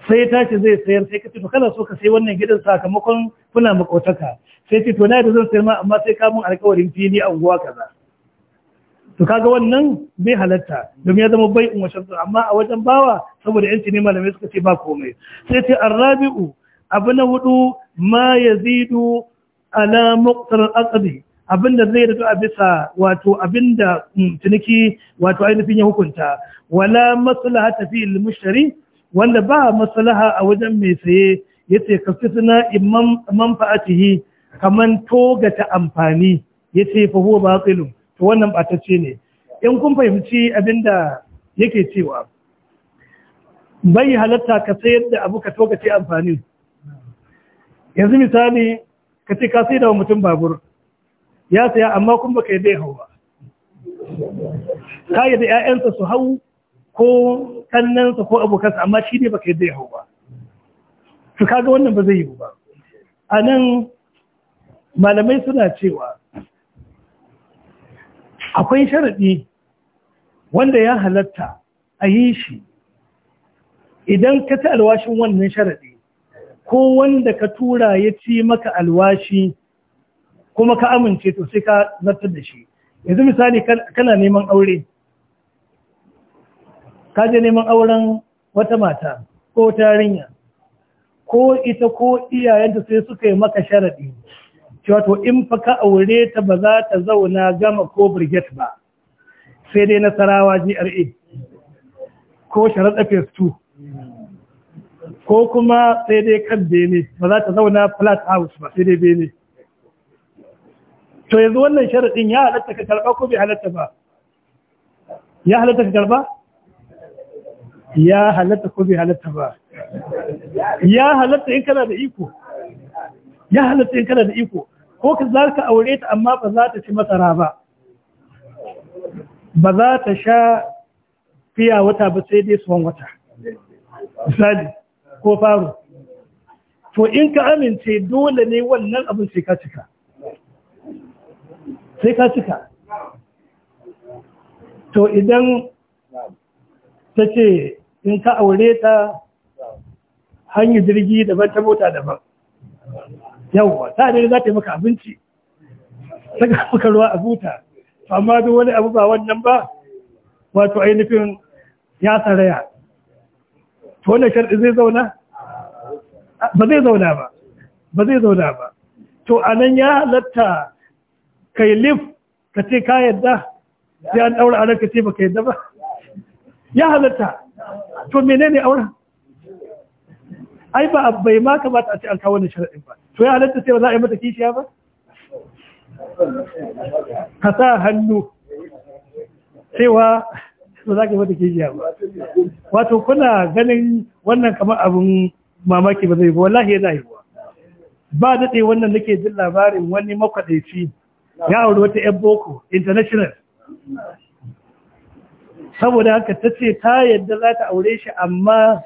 A: sai tashi zai sayar sai ka to kana so ka sai wannan gidan sakamakon kuna makotaka sai ce to na yadda zan sayar amma sai kamun alkawarin fili a unguwa kaza to kaga wannan bai halatta domin ya zama bai in washe amma a wajen bawa saboda yanci ne malamai suka ce ba komai sai ce arrabi'u abu na hudu ma yazidu ala muqtar al-aqdi abinda zai rito a bisa wato abinda tuniki mm, wato ainihin ya hukunta wala maslaha ta al-mushtari wanda ba maslaha a wajen mai saye yace kafisna imam manfa'atihi kaman togata amfani ya ce fa huwa to wannan batacce ne in kun fahimci abin da yake cewa bai halatta ka sayar da abu ka togace amfani yanzu misali ka ce ka sai da mutum babur ya saya amma kun baka yadda ya hau ba ka yadda 'ya'yansa su hau ko kannansa ko abokansa amma shi ne baka yadda ya hau ba to kaga wannan ba zai yi ba a nan malamai suna cewa akwai sharaɗi wanda ya halatta a yi shi idan ka ta alwashin wannan sharaɗi ko wanda ka tura ya ci maka alwashi kuma ka amince to sai ka zartar da shi yanzu misali kana neman aure ka je neman auren wata mata ko tarinya ko ita ko iyayenta sai suka yi maka sharaɗi cewa to in fa ka aure ta ba za ta zauna gama ko birget ba sai dai nasarawa GRA ko sharaɗa phase 2 ko kuma sai dai kan bene ba za ta zauna flat house ba sai dai bene to yanzu wannan sharaɗin ya halatta ka karɓa ko bai halatta ba ya halatta ka karɓa ya halatta ko bai halatta ba ya halatta in kana da iko ya halatta in kana da iko ko ka za ka aure ta amma ba za ta ci masara ba ba za ta sha fiya wata ba sai dai suwan wata misali ko faru to in ka amince dole ne wannan abin sai ka cika sai ka cika to idan ta ce in ka aure ta hanyar jirgi daban ta mota daban yawwa ta ne za ta yi maka abinci ta ga maka ruwa a buta amma duk wani abu ba wannan ba wato ainihin ya saraya. to wannan sharɗi zai zauna ba zai zauna ba ba zai zauna ba to a nan ya halatta kai lif ka ce ka yadda sai an ɗaura a nan ce ba ka yadda ba ya halatta to menene auren ai ba bai ma kamata a ce an kawo wannan sharaɗin ba to ya halatta sai ba za a yi mata kishiya ba ka sa hannu cewa ba za ka yi mata kishiya ba wato kuna ganin wannan kamar abin mamaki ba zai yi wallahi yana yi ba daɗe wannan nake jin labarin wani makwaɗaici ya auri wata yan boko international saboda haka ta ce ta yadda za ta aure shi amma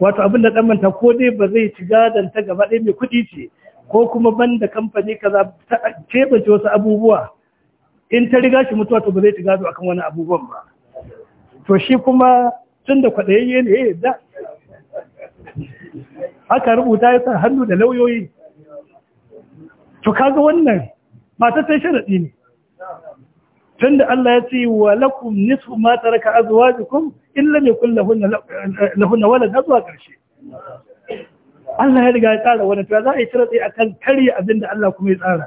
A: wato abin da dan manta ko dai ba zai ci gadon ta gaba ɗaya mai kuɗi ce ko kuma banda kamfani kaza ta wasu abubuwa in ta riga shi mutuwa to ba zai ci gado akan wani abubuwan ba to shi kuma tun da kwaɗayayye ne eh, da aka rubuta ya sa hannu da lauyoyi to kaga wannan mata sai sharaɗi ne tunda Allah ya ce wa lakum nisfu ma taraka azwajukum in lam yakul lahunna walad azwa karshe Allah ya riga ya tsara wani ta za a yi a akan karya abinda Allah kuma ya tsara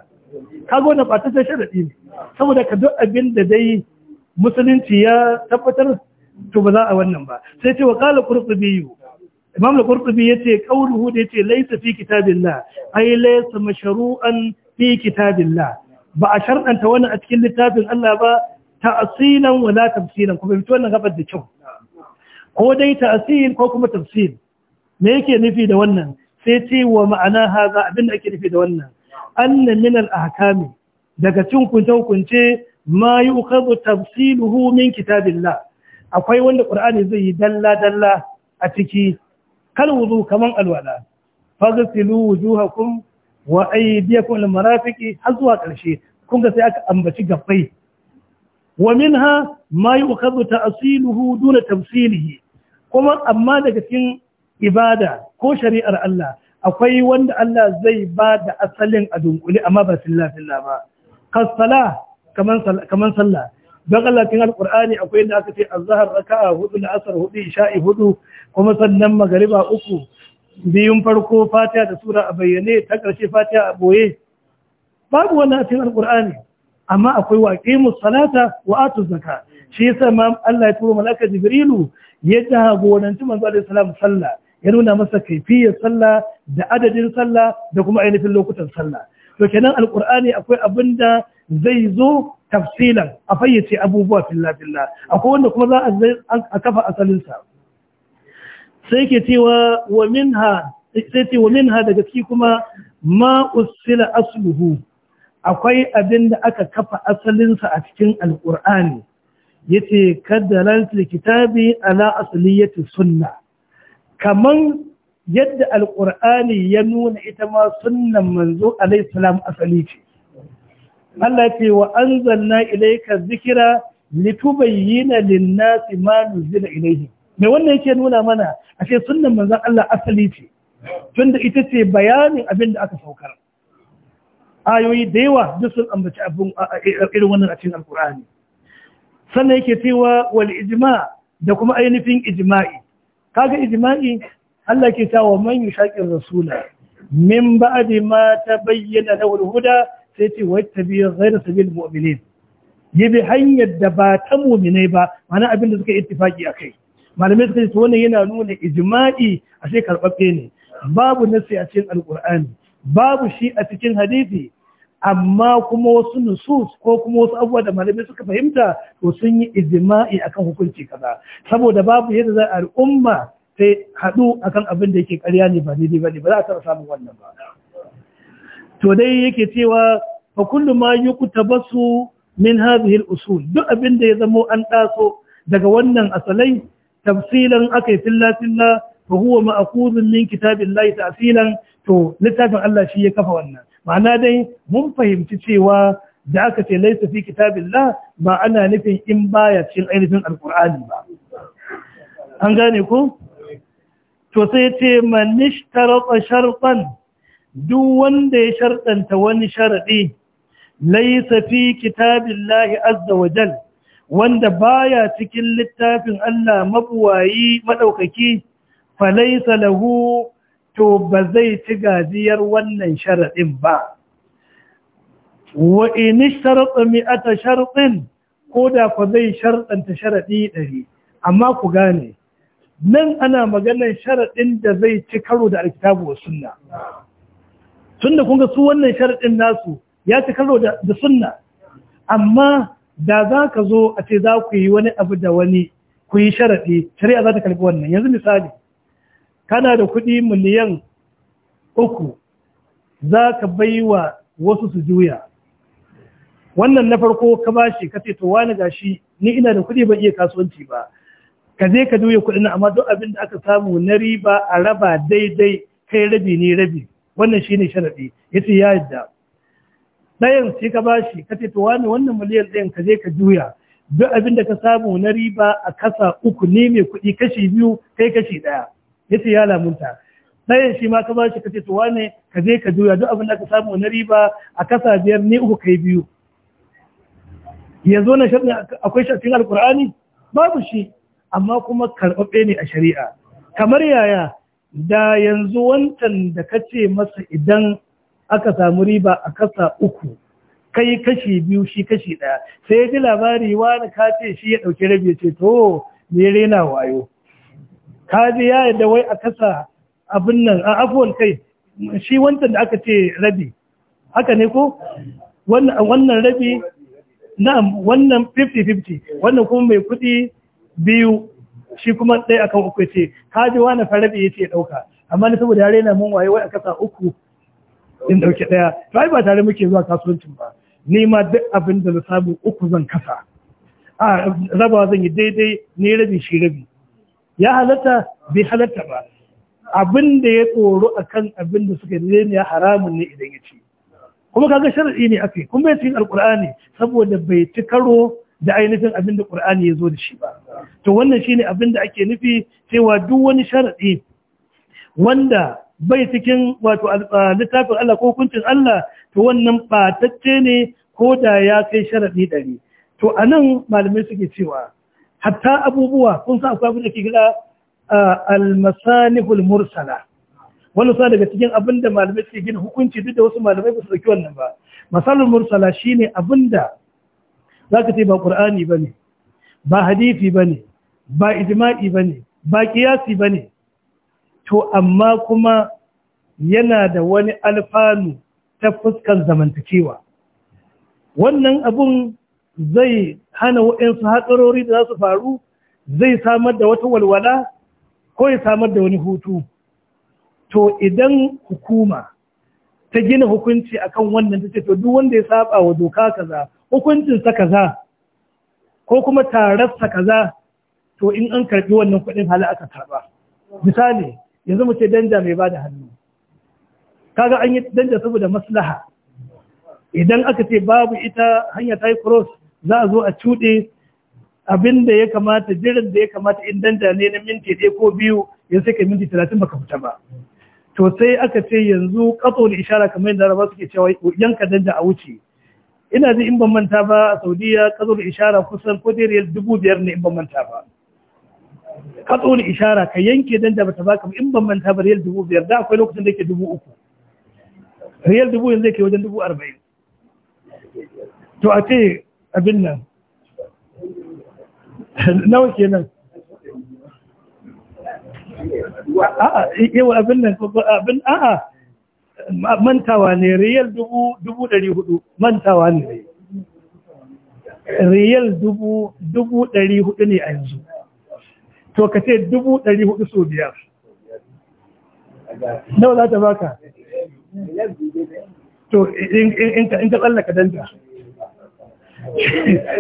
A: kaga wannan ba ta sai sharadi ne saboda ka duk abinda dai musulunci ya tabbatar to ba za a wannan ba sai ce wa qala qurtubi imam al-qurtubi yace qawluhu da yace laysa fi kitabillah ay laysa mashru'an fi kitabillah ba a sharɗanta wannan a cikin littafin Allah ba ta'asilan wala tafsilan kuma fito wannan gabar da kyau ko dai ta'asil ko kuma tafsil me yake nufi da wannan sai ce wa ma'ana haza abin da ake nufi da wannan anna min al-ahkami daga cin kunce kunce ma yuqadu tafsiluhu min kitabillah akwai wanda qur'ani zai yi dalla dalla a ciki kal wudu kaman alwala faghsilu wujuhakum wa aydiyakum lil marafiqi har zuwa ƙarshe kun ga sai aka ambaci gabbai wa minha ma yu'khadhu ta'siluhu duna tafsilihi kuma amma daga cikin ibada ko shari'ar Allah akwai wanda Allah zai ba da asalin a dunkuli amma ba silla ba kasala kaman sallah don Allah cikin akwai da aka ce azhar raka'a hudu la'asar hudu isha'i hudu kuma sannan magariba uku biyun farko fatiha da sura a bayyane ta ƙarshe fatiha a ɓoye. babu wani a cikin alƙur'ani amma akwai waƙe musalata salata wa atu zaka shi yasa ma Allah ya turo malaka jibrilu ya jagoranci manzo alaihi salam sallah ya nuna masa kaifiyar sallah da adadin sallah da kuma ainihin lokutan sallah to kenan alƙur'ani akwai da zai zo tafsilan a fayyace abubuwa filla filla akwai wanda kuma za a kafa asalin sa sai ke cewa wa minha sai ce daga ciki kuma ma usila asluhu akwai abin da aka kafa asalinsa a cikin alƙur'ani yace kaddalatul kitabi ala asliyati sunna kaman yadda alƙur'ani ya nuna ita ma sunnan manzo alaihi salam asali ce Allah ce wa anzalna ilayka dhikra litubayyana lin-nasi ma nuzila ilayhim mai wannan yake nuna mana a ce sunnan Allah asali ce tunda ita ce bayanin abin da aka saukar ayoyi da yawa duk sun ambaci abin irin wannan a cikin alkur'ani sannan yake cewa wal ijma da kuma ainihin ijma'i kaga ijma'i Allah ke cewa man yushaqir rasula min ba'di ma tabayyana lahu al-huda sai ce wattabi ghayra sabil mu'minin yabi hanyar da ba ta mu'minai ba mana abin da suka ittifaki akai malamai suka ce wannan yana nuna ijma'i a sai karɓaɓɓe ne babu nasi a cikin alƙur'ani babu shi a cikin hadisi amma kuma wasu nusus ko kuma wasu abubuwa da malamai suka fahimta to sun yi ijma'i akan hukunci kaza saboda babu yadda za a al'umma sai haɗu akan abin da yake ƙarya ne ba daidai ba ne ba za a taɓa samun wannan ba to dai yake cewa fa kullu ma yuktabasu min hadhihi al-usul duk abin da ya zamo an daso daga wannan asalai tafsilan yi filla filla fa huwa ma'khudun min kitabillahi ta'silan to littafin Allah shi ya kafa wannan ma'ana dai mun fahimci cewa da aka ce laisa fi la, ba ana nufin in baya cikin ainihin alkur'ani ba an gane ku? to sai ce man ishtarata shartan duk wanda ya sharɗanta wani sharaɗi? laisa fi kitabillah azza wa jal wanda baya cikin littafin Allah mabuwayi madaukaki falaisa lahu to ba zai ci gajiyar wannan sharadin ba wa in sharata mi'ata shartin koda ko zai shartanta sharadi 100 amma ku gane nan ana maganar sharadin da zai ci karo da alkitabu wa sunna tunda kun ga su wannan sharadin nasu ya ci karo da sunna amma da za ka zo a ce za ku yi wani abu da wani ku yi sharaɗi shari'a za ta karɓi wannan yanzu misali kana da kuɗi miliyan uku za ka bai wa wasu su juya wannan na farko ka ba shi ka ce to wani gashi ni ina da kuɗi ba iya kasuwanci ba ka je ka juya kuɗin amma duk abin da aka samu na riba a raba daidai kai rabi ni rabi wannan shine sharaɗi yace ya yadda ɗayan sai ka bashi ka ce to wani wannan miliyan ɗayan ka je ka juya duk abin da ka samu na riba a kasa uku ne mai kuɗi kashi biyu kai kashi ɗaya ya ce ya lamunta ɗayan shi ma ka bashi ka ce to wani ka je ka juya duk abin da ka samu na riba a kasa biyar ne uku kai biyu yanzu na sharɗin akwai shafin alkur'ani babu shi amma kuma karɓaɓɓe ne a shari'a kamar yaya da yanzu wancan da ka ce masa idan aka samu riba a kasa uku kai kashi biyu shi kashi ɗaya sai ya ji labari wani ka ce shi ya ɗauki rabi ya ce to me rena wayo ka ji ya yadda wai a kasa abin nan a afuwan kai shi wancan da aka ce rabi haka ne ko wannan rabi na'am wannan 50-50 wannan kuma mai kuɗi biyu shi kuma ɗaya akan uku ce ka ji wani farabi ya ce ɗauka amma ni saboda ya rena mun waye wai a kasa uku in dauke daya to ai ba tare muke zuwa kasuwancin ba ni ma duk abin da na samu uku zan kasa a rabawa zan yi daidai ni rabi shi rabi ya halatta bai halatta ba abin da ya tsoro akan abin da suka yi ya haramun ne idan ya ci kuma kaga sharadi ne ake kuma bai cikin alkur'ani saboda bai ci karo da ainihin abin da Qur'ani ya zo da shi ba. To wannan shine abin da ake nufi cewa duk wani sharaɗi wanda bai cikin wato littafin Allah ko hukuncin Allah to wannan batacce ne ko da ya kai sharadi ɗari to a nan malamai suke cewa hatta abubuwa kun sa akwai abin da ke gida almasanihul mursala wani sa daga cikin abin da malamai suke gina hukunci duk da wasu malamai ba su dauki wannan ba masalul mursala shine abin da za ka ce ba qur'ani ba ne ba hadisi ba ne ba ijma'i ba ne ba kiyasi ba ne to amma kuma yana da wani alfanu ta fuskar zamantakewa wannan abun zai hana waɗansu hatsarori da za su faru zai samar da wata walwala ko ya samar da wani hutu to idan hukuma ta gina hukunci akan wannan ta ce to duk wanda ya saba wa doka kaza hukuncinsa kaza ko kuma tararsa kaza to in an karbi wannan kuɗin hali aka karba misali yanzu mu ce danja mai bada hannu kaga an yi danja saboda maslaha idan aka ce babu ita hanya ta yi cross za a zo a cuɗe abin da ya kamata jiran da ya kamata in danja ne na minti ɗaya ko biyu yanzu sai ka minti talatin baka fita ba to sai aka ce yanzu katso da ishara kamar yadda rabar suke cewa yanka danja a wuce ina ji in ban manta ba a saudiya katso da ishara kusan ko dubu biyar ne in ban manta ba ka tsoni ishara ka yanke dan da bata baka in ban manta ba riyal dubu biyar da akwai lokacin da yake dubu uku riyal dubu yanzu yake wajen dubu arba'in to a ce abin nan *laughs* nawa kenan a'a yawa abin nan abin a'a mantawa ne riyal dubu dari hudu mantawa ne riyal dubu dari hudu ne a yanzu to ka ce dubu ɗari hudu sau biyar nawa za ta baka to in ka tsallaka danta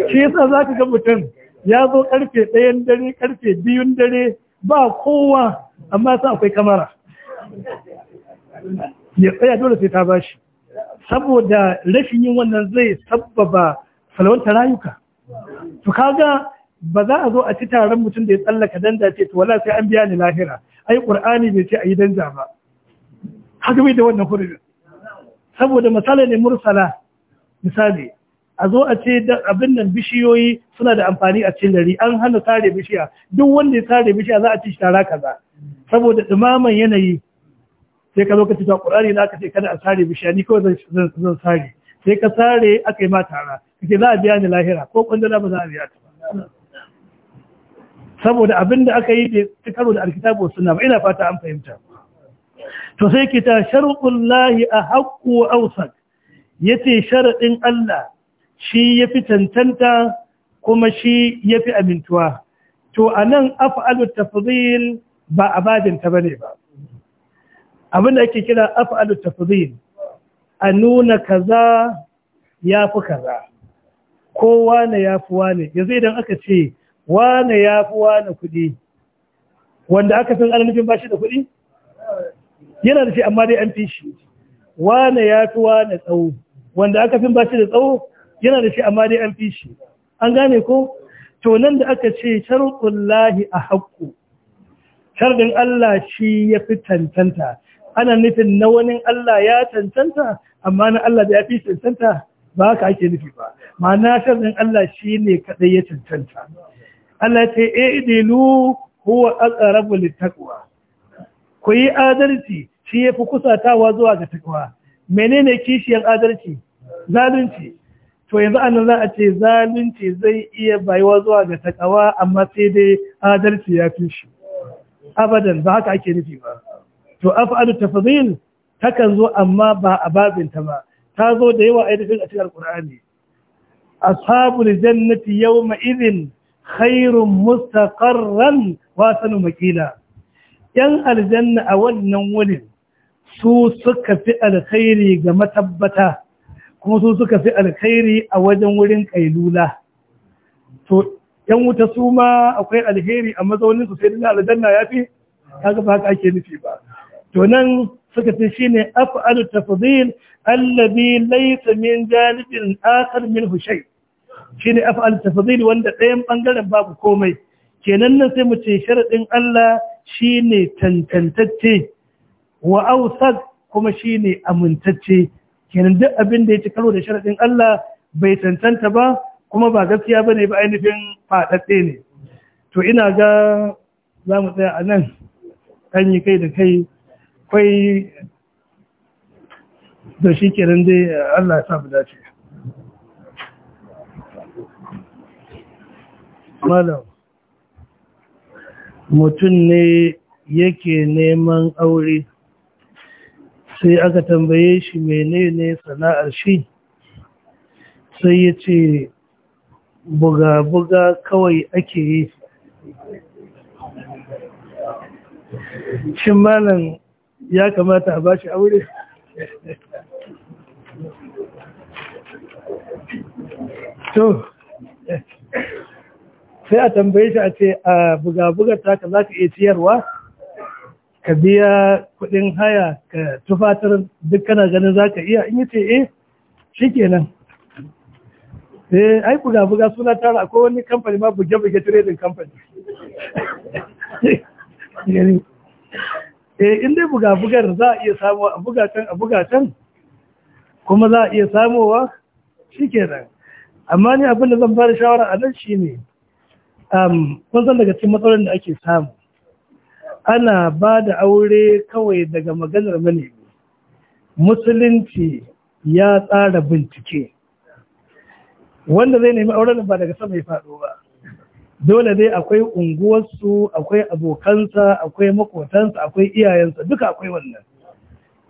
A: shi yasa za ka ga mutum ya zo karfe ɗayan dare karfe biyun dare ba kowa amma sa akwai kamara ya tsaya dole sai ta bashi saboda rashin yin wannan zai sabbaba salawanta rayuka to kaga ba za a zo a ci taron mutum da ya tsallaka danda ce to wala sai an biya ni lahira ai qur'ani bai ce a yi danja ba haka bai da wannan hurumin saboda misali ne mursala misali a zo a ce abin nan bishiyoyi suna da amfani a cikin dari, an hana sare bishiya duk wanda ya sare bishiya za a ci tara kaza saboda dumaman yanayi sai ka zo ka ta qur'ani na ka ce kada a sare bishiya ni kawai zan zan sare sai ka sare aka yi ma tara kake za a biya ni lahira ko kwandala ba za a biya ta ba saboda abin da aka yi da ta karo da alkitabu suna ba ina fata an fahimta to sai ki ta sharuɗin lahi a haƙƙo ausak ya ce sharaɗin Allah shi ya fi cancanta kuma shi ya fi amintuwa to a nan af'alu tafzil ba a badin ba bane ba abin da ake kira af'alu tafzil a nuna kaza ya fi kaza kowa ne ya fi wane yanzu idan aka ce wane ya fi wane kuɗi wanda aka san ana nufin bashi da kuɗi yana da shi amma dai an fi shi wane ya fi wane tsawo wanda aka fi bashi da tsawo yana da shi amma dai an fi shi an gane ko to nan da aka ce sharuɗullahi a haƙƙo sharɗin Allah shi ya fi tantanta ana nufin na wani Allah ya tantanta amma na Allah da ya fi tantanta ba haka ake nufi ba ma'ana sharɗin Allah shi ne kaɗai ya tantanta alati ce idilu huwa aqrabu litaqwa ku yi adalci shi yafi kusatawa zuwa ga takwa menene kishiyar adalci zalunci to yanzu annan za a ce zalunci zai iya bayuwa zuwa ga takawa amma sai dai adalci ya fi shi abadan ba haka ake nufi ba to af'alu tafdhil takan zo amma ba a babin ta ba ta zo da yawa a cikin alqur'ani ashabul jannati yawma idhin khairun mustaqarran wa wasan makila yan aljanna a wannan wurin su suka fi alkhairi ga matabbata kuma su suka fi alkhairi a wajen wurin kailula to yan wuta su ma akwai alheri a mazaunin su sai dai aljanna yafi kaga ba haka ake nufi ba to nan suka ce shi ne af'alu tafdil allazi laysa min janibin akhar min shay' shine al tafdhil wanda ɗayan ɓangaren babu komai kenan nan sai mu ce sharaɗin Allah shi ne tantantacce wa awsad kuma shi ne amintacce kenan duk abin da ya ci karo da sharaɗin Allah bai tantanta ba kuma ba gaskiya ba ne ba ainihin faɗaɗe ne to ina ga za mu tsaya a nan an yi kai da kai kwai da shi kenan dai Allah ya sa mu dace malam mutum ne yake neman aure sai aka tambaye shi menene sana'ar shi sai ya ce buga-buga kawai ake yi shin malam ya kamata a bashi aure
B: *laughs*
A: to sai a tambaye shi a ce a buga buga taka za ka iya ciyarwa ka biya kudin haya ka tufatar duk kana ganin za ka iya in yi ce eh shi kenan eh ai buga-buga suna tara akwai wani kamfani ma buge-buge trading company *laughs* eh in dai buga-bugar za a iya samuwa a bugatan a bugatan kuma za a iya samowa shi kenan amma ni abin da zan fara shawara a nan shi ne kun san daga cikin matsalolin da ake samu ana ba da aure kawai daga maganar manemi musulunci ya tsara bincike wanda zai nemi auren ba daga sama ya faɗo ba dole dai akwai unguwarsu akwai abokansa akwai makotansa akwai iyayensa duka akwai wannan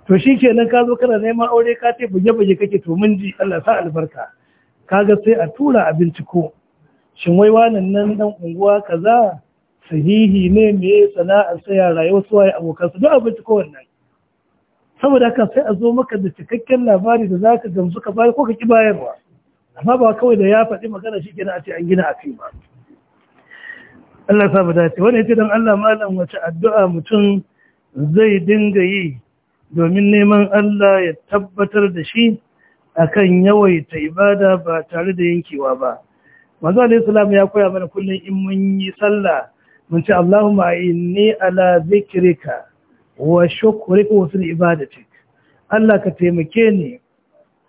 A: to shi ke nan ka zo kana neman aure ka ce buge-buge kake to mun ji Allah sa albarka ga sai a tura a binciko shin wai wannan nan dan unguwa kaza sahihi ne me sana'a sai ya rayuwa wasu waye abokan su duk abin kowa saboda haka sai a zo maka da cikakken labari da zaka gamsu ka bayar ko ka ki bayarwa amma ba kawai da ya faɗi magana shi kenan a ce an gina a kai ba Allah saboda, dace wani yace dan Allah malam wace addu'a mutum zai dinga yi domin neman Allah ya tabbatar da shi akan yawaita ibada ba tare da yankewa ba manzo alaihi Salaam ya koya mana kullum in mun yi sallah mun ce Allahumma inni ala zikrika wa shukrika wa sun ibadatik Allah ka taimake ni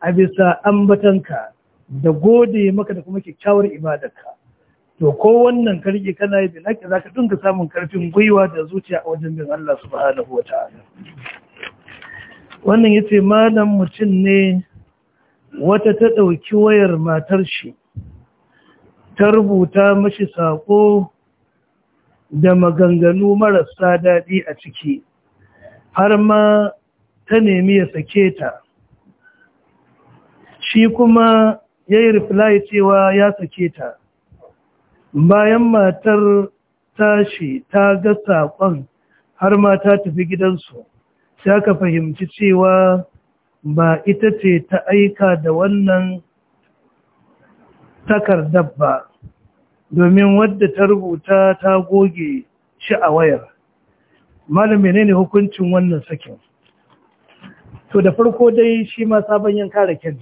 A: a bisa ambatanka da gode maka da kuma kyakkyawar ibadarka to ko wannan karki kana yi bilaki zaka dinka samun karfin gwiwa da zuciya a wajen bin Allah subhanahu wa ta'ala wannan yace malam mutum ne wata ta ɗauki wayar matar shi ta rubuta mashi saƙo da maganganu marasa daɗi a ciki har ma ta nemi ya sake ta shi kuma ya yi reply cewa ya sake ta bayan matar tashi ta ga saƙon har ma ta tafi gidansu sai aka fahimci cewa ba ita ce ta aika da wannan takardar dabba domin wadda ta rubuta ta goge shi a wayar malam menene hukuncin wannan sakin to da farko dai shi ma sabon yanka da kyan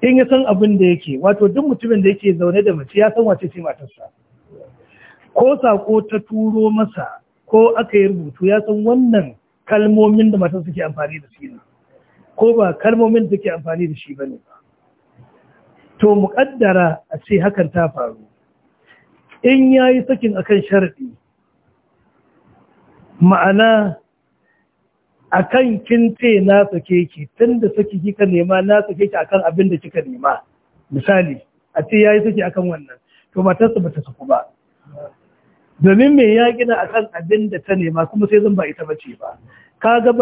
A: in ya san abin da yake wato duk mutumin da yake zaune da mace ya san wace ce matarsa ko sako ta turo masa ko aka yi rubutu ya san wannan kalmomin da matar suke amfani da shi ko ba kalmomin da suke amfani da shi ne ba to muƙaddara a ce hakan ta faru in ya yi sakin a kan sharaɗi ma'ana akan kin ce na sake ki tun da saki kika nema na sake ki akan abin da kika nema misali a ce ya yi saki akan wannan to matarsa ba ta saku ba domin me ya gina a kan abin da ta nema kuma sai zan ba ita ce ba kaga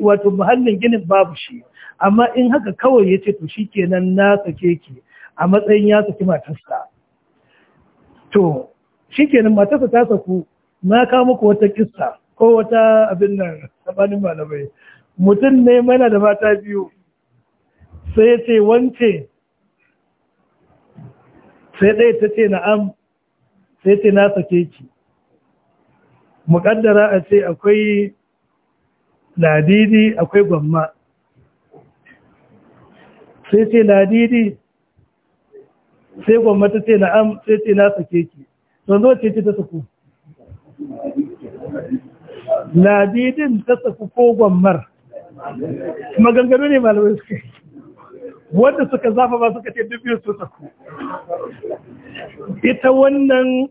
A: wato muhallin ginin babu shi amma in haka kawai ya ce to shi kenan na sake ki a matsayin ya saki matarsa to shi kenan matarsa ta saku na kawo muku wata kista ko wata abin nan tsabanin malamai mutum ne mana da mata biyu sai ya ce wance sai ɗaya ta ce na'am sai ce na sake ki muƙaddara a ce akwai ladidi akwai gwamma sai ce ladidi sai gwamma ta ce na'am sai ce na sake ki don zo ce ta saku labidin ta saku ko gwammar maganganu ne malamai suka yi wanda suka zafa ba suka ce dubiyu su saku ita wannan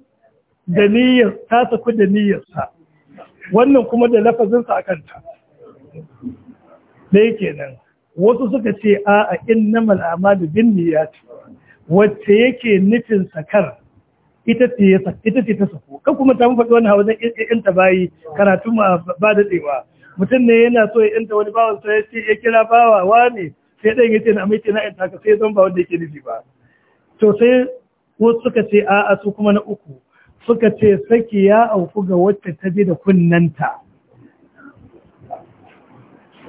A: da niyyar ta saku da niyyarsa wannan kuma da lafazinsa a kanta da yake nan wasu suka ce a a innamal amalu bin niyyati wacce yake nufin sakar ita ce ta sako kan kuma ta mafaɗi wani hawan yan bayi karatu ma ba da mutum ne yana so ya yanta wani bawan ce ya kira bawa ne. sai ɗan yace na mai na yanta ka sai zan ba wanda yake nufi ba to sai wasu suka ce a'a su kuma na uku suka ce saki ya auku ga wacce ta je da kunnanta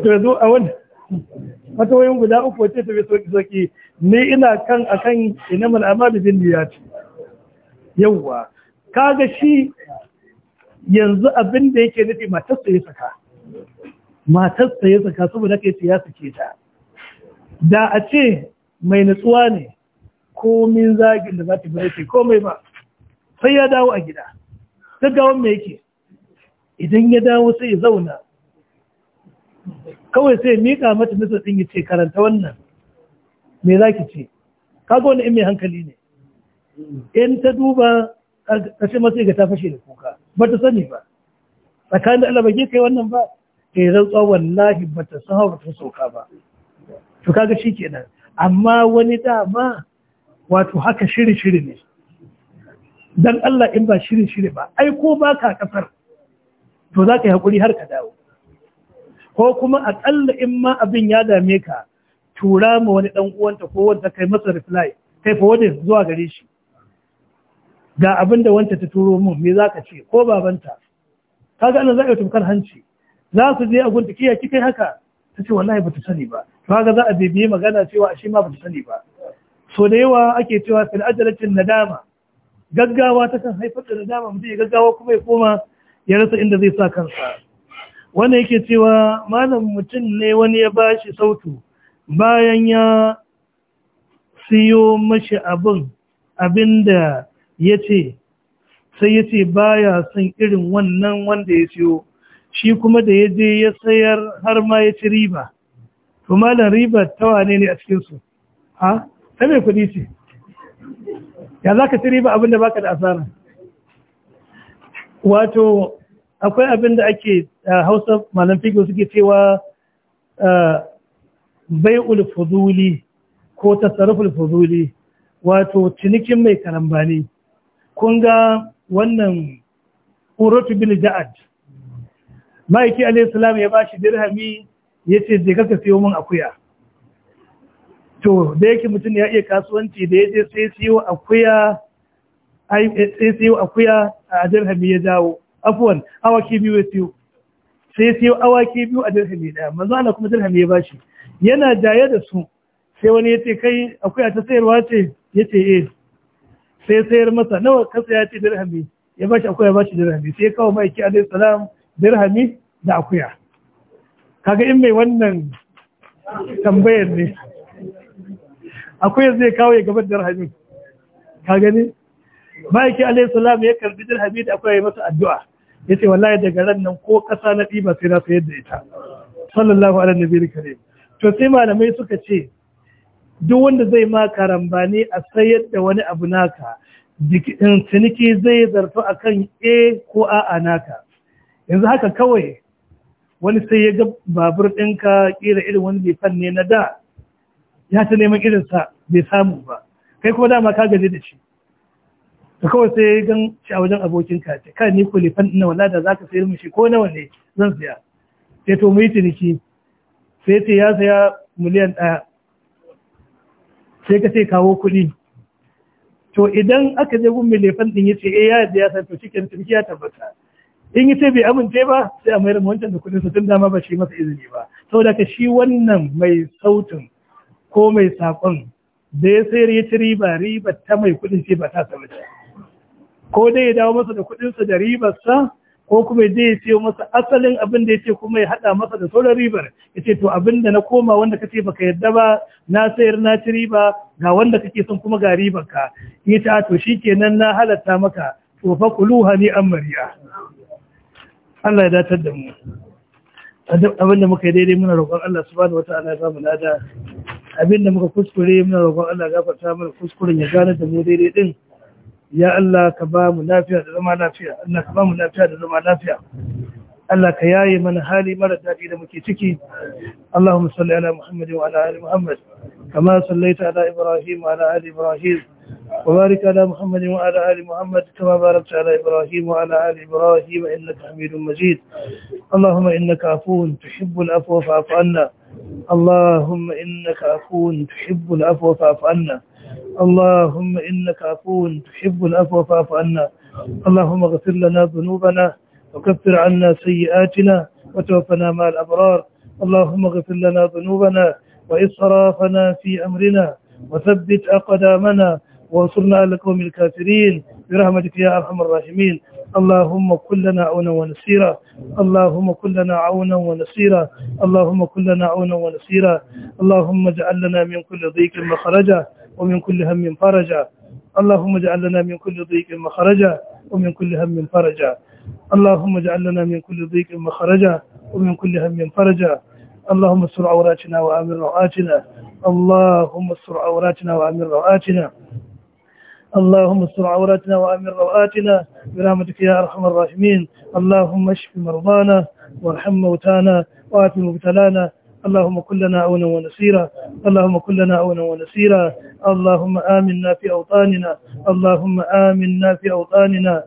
A: to yanzu a fatawoyin guda uku wacce ta bai soki ni ina kan akan inamal amalu bin niyyat yawwa kaga shi yanzu abin da yake nufi matar sa ya saka matar ya saka saboda kai ya sake ta da a ce mai nutsuwa ne min zagin da za ta bari ce komai ba sai ya dawo a gida ta gaggawan me yake idan ya dawo sai ya zauna kawai sai mika mata nisa ɗin ya ce karanta wannan me za ki ce kaga wani in mai hankali ne in ta duba ce masu ga ta fashe da kuka ba ta sani ba tsakanin da ka kai wannan ba ke eh, yi rantsuwa wallahi ba ta san hawa ta sauka ba to kaga shi kenan amma wani dama wato haka shiri shiri ne dan Allah in ba shiri shiri ba ai ko ba ka kasar to za ka yi hakuri har ka dawo ko kuma aƙalla in ma abin ya dame ka tura ma wani ɗan uwanta ko wanda kai masa reply kai fa wani zuwa gare shi ga abin da wanta ta turo mun me zaka ce ko babanta kaga ana za a tumkar hanci za su je a gunta kiya kikai haka ta ce wallahi ta sani ba kaga za a bibiye magana cewa shi ma ba ta sani ba so da yawa ake cewa fil ajalatin nadama gaggawa ta kan haifar da nadama mutum ya gaggawa kuma ya koma ya rasa inda zai sa kansa wanda yake cewa malam mutum ne wani ya bashi sautu bayan ya siyo mashi abin abinda ya ce sai ya ce baya son irin wannan wanda ya siyo shi kuma da ya je ya sayar har ma ya ci riba to malam riba tawa ne ne a cikinsu ha ta mai kudi ce ya za ka ci riba abin da baka da asara wato akwai abin da ake hausa malam fiƙo suke cewa bai'ul ulfuzuli ko tasarruful ulfuzuli wato cinikin mai karambani kun ga wannan urufi bin ja'ad ma'aiki alayhi salam ya bashi dirhami ce je kaka siyo min akuya to da yake mutum ya iya kasuwanci da ya sai akuya sai siyo akuya a dirhami ya dawo afuwan awaki biyu ya siyo sai siyo awaki biyu a dirhami daya manzo Allah kuma dirhami ya bashi yana jaye da su sai wani ya ce kai akwai a ta sayarwa ce ya ce eh sai sayar masa nawa ka saya ce dirhami ya bashi akwai ya bashi dirhami sai kawo mai ki alaihi salam dirhami da akuya kaga in mai wannan tambayar ne akwai zai kawo ya gabar dirhamin ka gani ma'aiki alaihi salam ya karbi dirhami da akwai masa addu'a ya ce wallahi daga ran ko kasa na ɗiba sai na sayar da ita sallallahu ala nabi kare to sai malamai suka ce duk wanda zai ma ne a sayar da wani abu naka ciniki zai zarto kan a ko a'a naka yanzu haka kawai wani sai ya ga babur ɗinka ƙira irin wani bifan ne na da ya ta neman irinsa bai samu ba kai kuma dama ka gaji da shi ka kawai sai gan shi a wajen abokin ka ce kai ni lifan ina wallahi da zaka sayar mishi ko nawa ne zan siya sai to mu ciniki sai ce ya saya miliyan ɗaya sai ka ce kawo kuɗi to idan aka je gun milefan ɗin ya ce eh ya yadda ya san to cikin ciniki ya tabbata in ya ce bai amince ba sai a mayar wancan da kuɗin tun dama ba shi masa izini ba saboda ka shi wannan mai sautin ko mai saƙon da ya sayar ya ci riba riba ta mai kuɗin ce ba ta samu ko dai ya dawo masa da kuɗinsa da ribarsa ko kuma dai ya ce masa asalin abin da ya ce kuma ya haɗa masa da sauran ribar ya ce to abin da na koma wanda kace baka yadda ba na sayar na ci riba ga wanda kake son kuma ga ribar ka ya ce to shikenan na halatta maka to fa kuluha ni amriya Allah ya datar da mu abin da muka yi daidai muna roƙon Allah subhanahu wataala ya bamu lada abin da muka kuskure muna roƙon Allah ya gafarta mana kuskuren ya gane da mu daidai din ya Allah ka ba mu lafiya da zama lafiya Allah ka ba mu lafiya da zama lafiya Allah ka yaye mana hali mara daɗi da muke ciki Allahumma salli ala Muhammad wa ala ali Muhammad kama sallaita ala Ibrahim wa ala ali Ibrahim wa barik ala Muhammad wa ala ali Muhammad kama barakta ala Ibrahim wa ala ali Ibrahim innaka Hamidum Majid Allahumma innaka afuwun tuhibbul afwa fa'fu anna Allahumma innaka afuwun tuhibbul afwa fa'fu anna اللهم إنك عفو تحب العفو فاعف عنا اللهم اغفر لنا ذنوبنا وكفر عنا سيئاتنا وتوفنا مع الأبرار اللهم اغفر لنا ذنوبنا وإصرافنا في أمرنا وثبت أقدامنا وانصرنا على القوم الكافرين برحمتك يا أرحم الراحمين اللهم كن لنا عونا ونصيرا اللهم كن لنا عونا ونصيرا اللهم كن لنا عونا ونصيرا اللهم اجعل لنا من كل ضيق مخرجا ومن كل هم فرجا اللهم اجعل لنا من كل ضيق مخرجا ومن كل هم فرجا اللهم اجعل لنا من كل ضيق مخرجا ومن كل هم فرجا اللهم استر عوراتنا وامن روعاتنا اللهم استر عوراتنا وامن روعاتنا اللهم استر عوراتنا وامن روعاتنا برحمتك يا ارحم الراحمين اللهم اشف مرضانا وارحم موتانا وآت مبتلانا اللهم كن لنا عونا ونصيرا اللهم كن لنا عونا ونصيرا اللهم آمنا في أوطاننا اللهم آمنا في
B: أوطاننا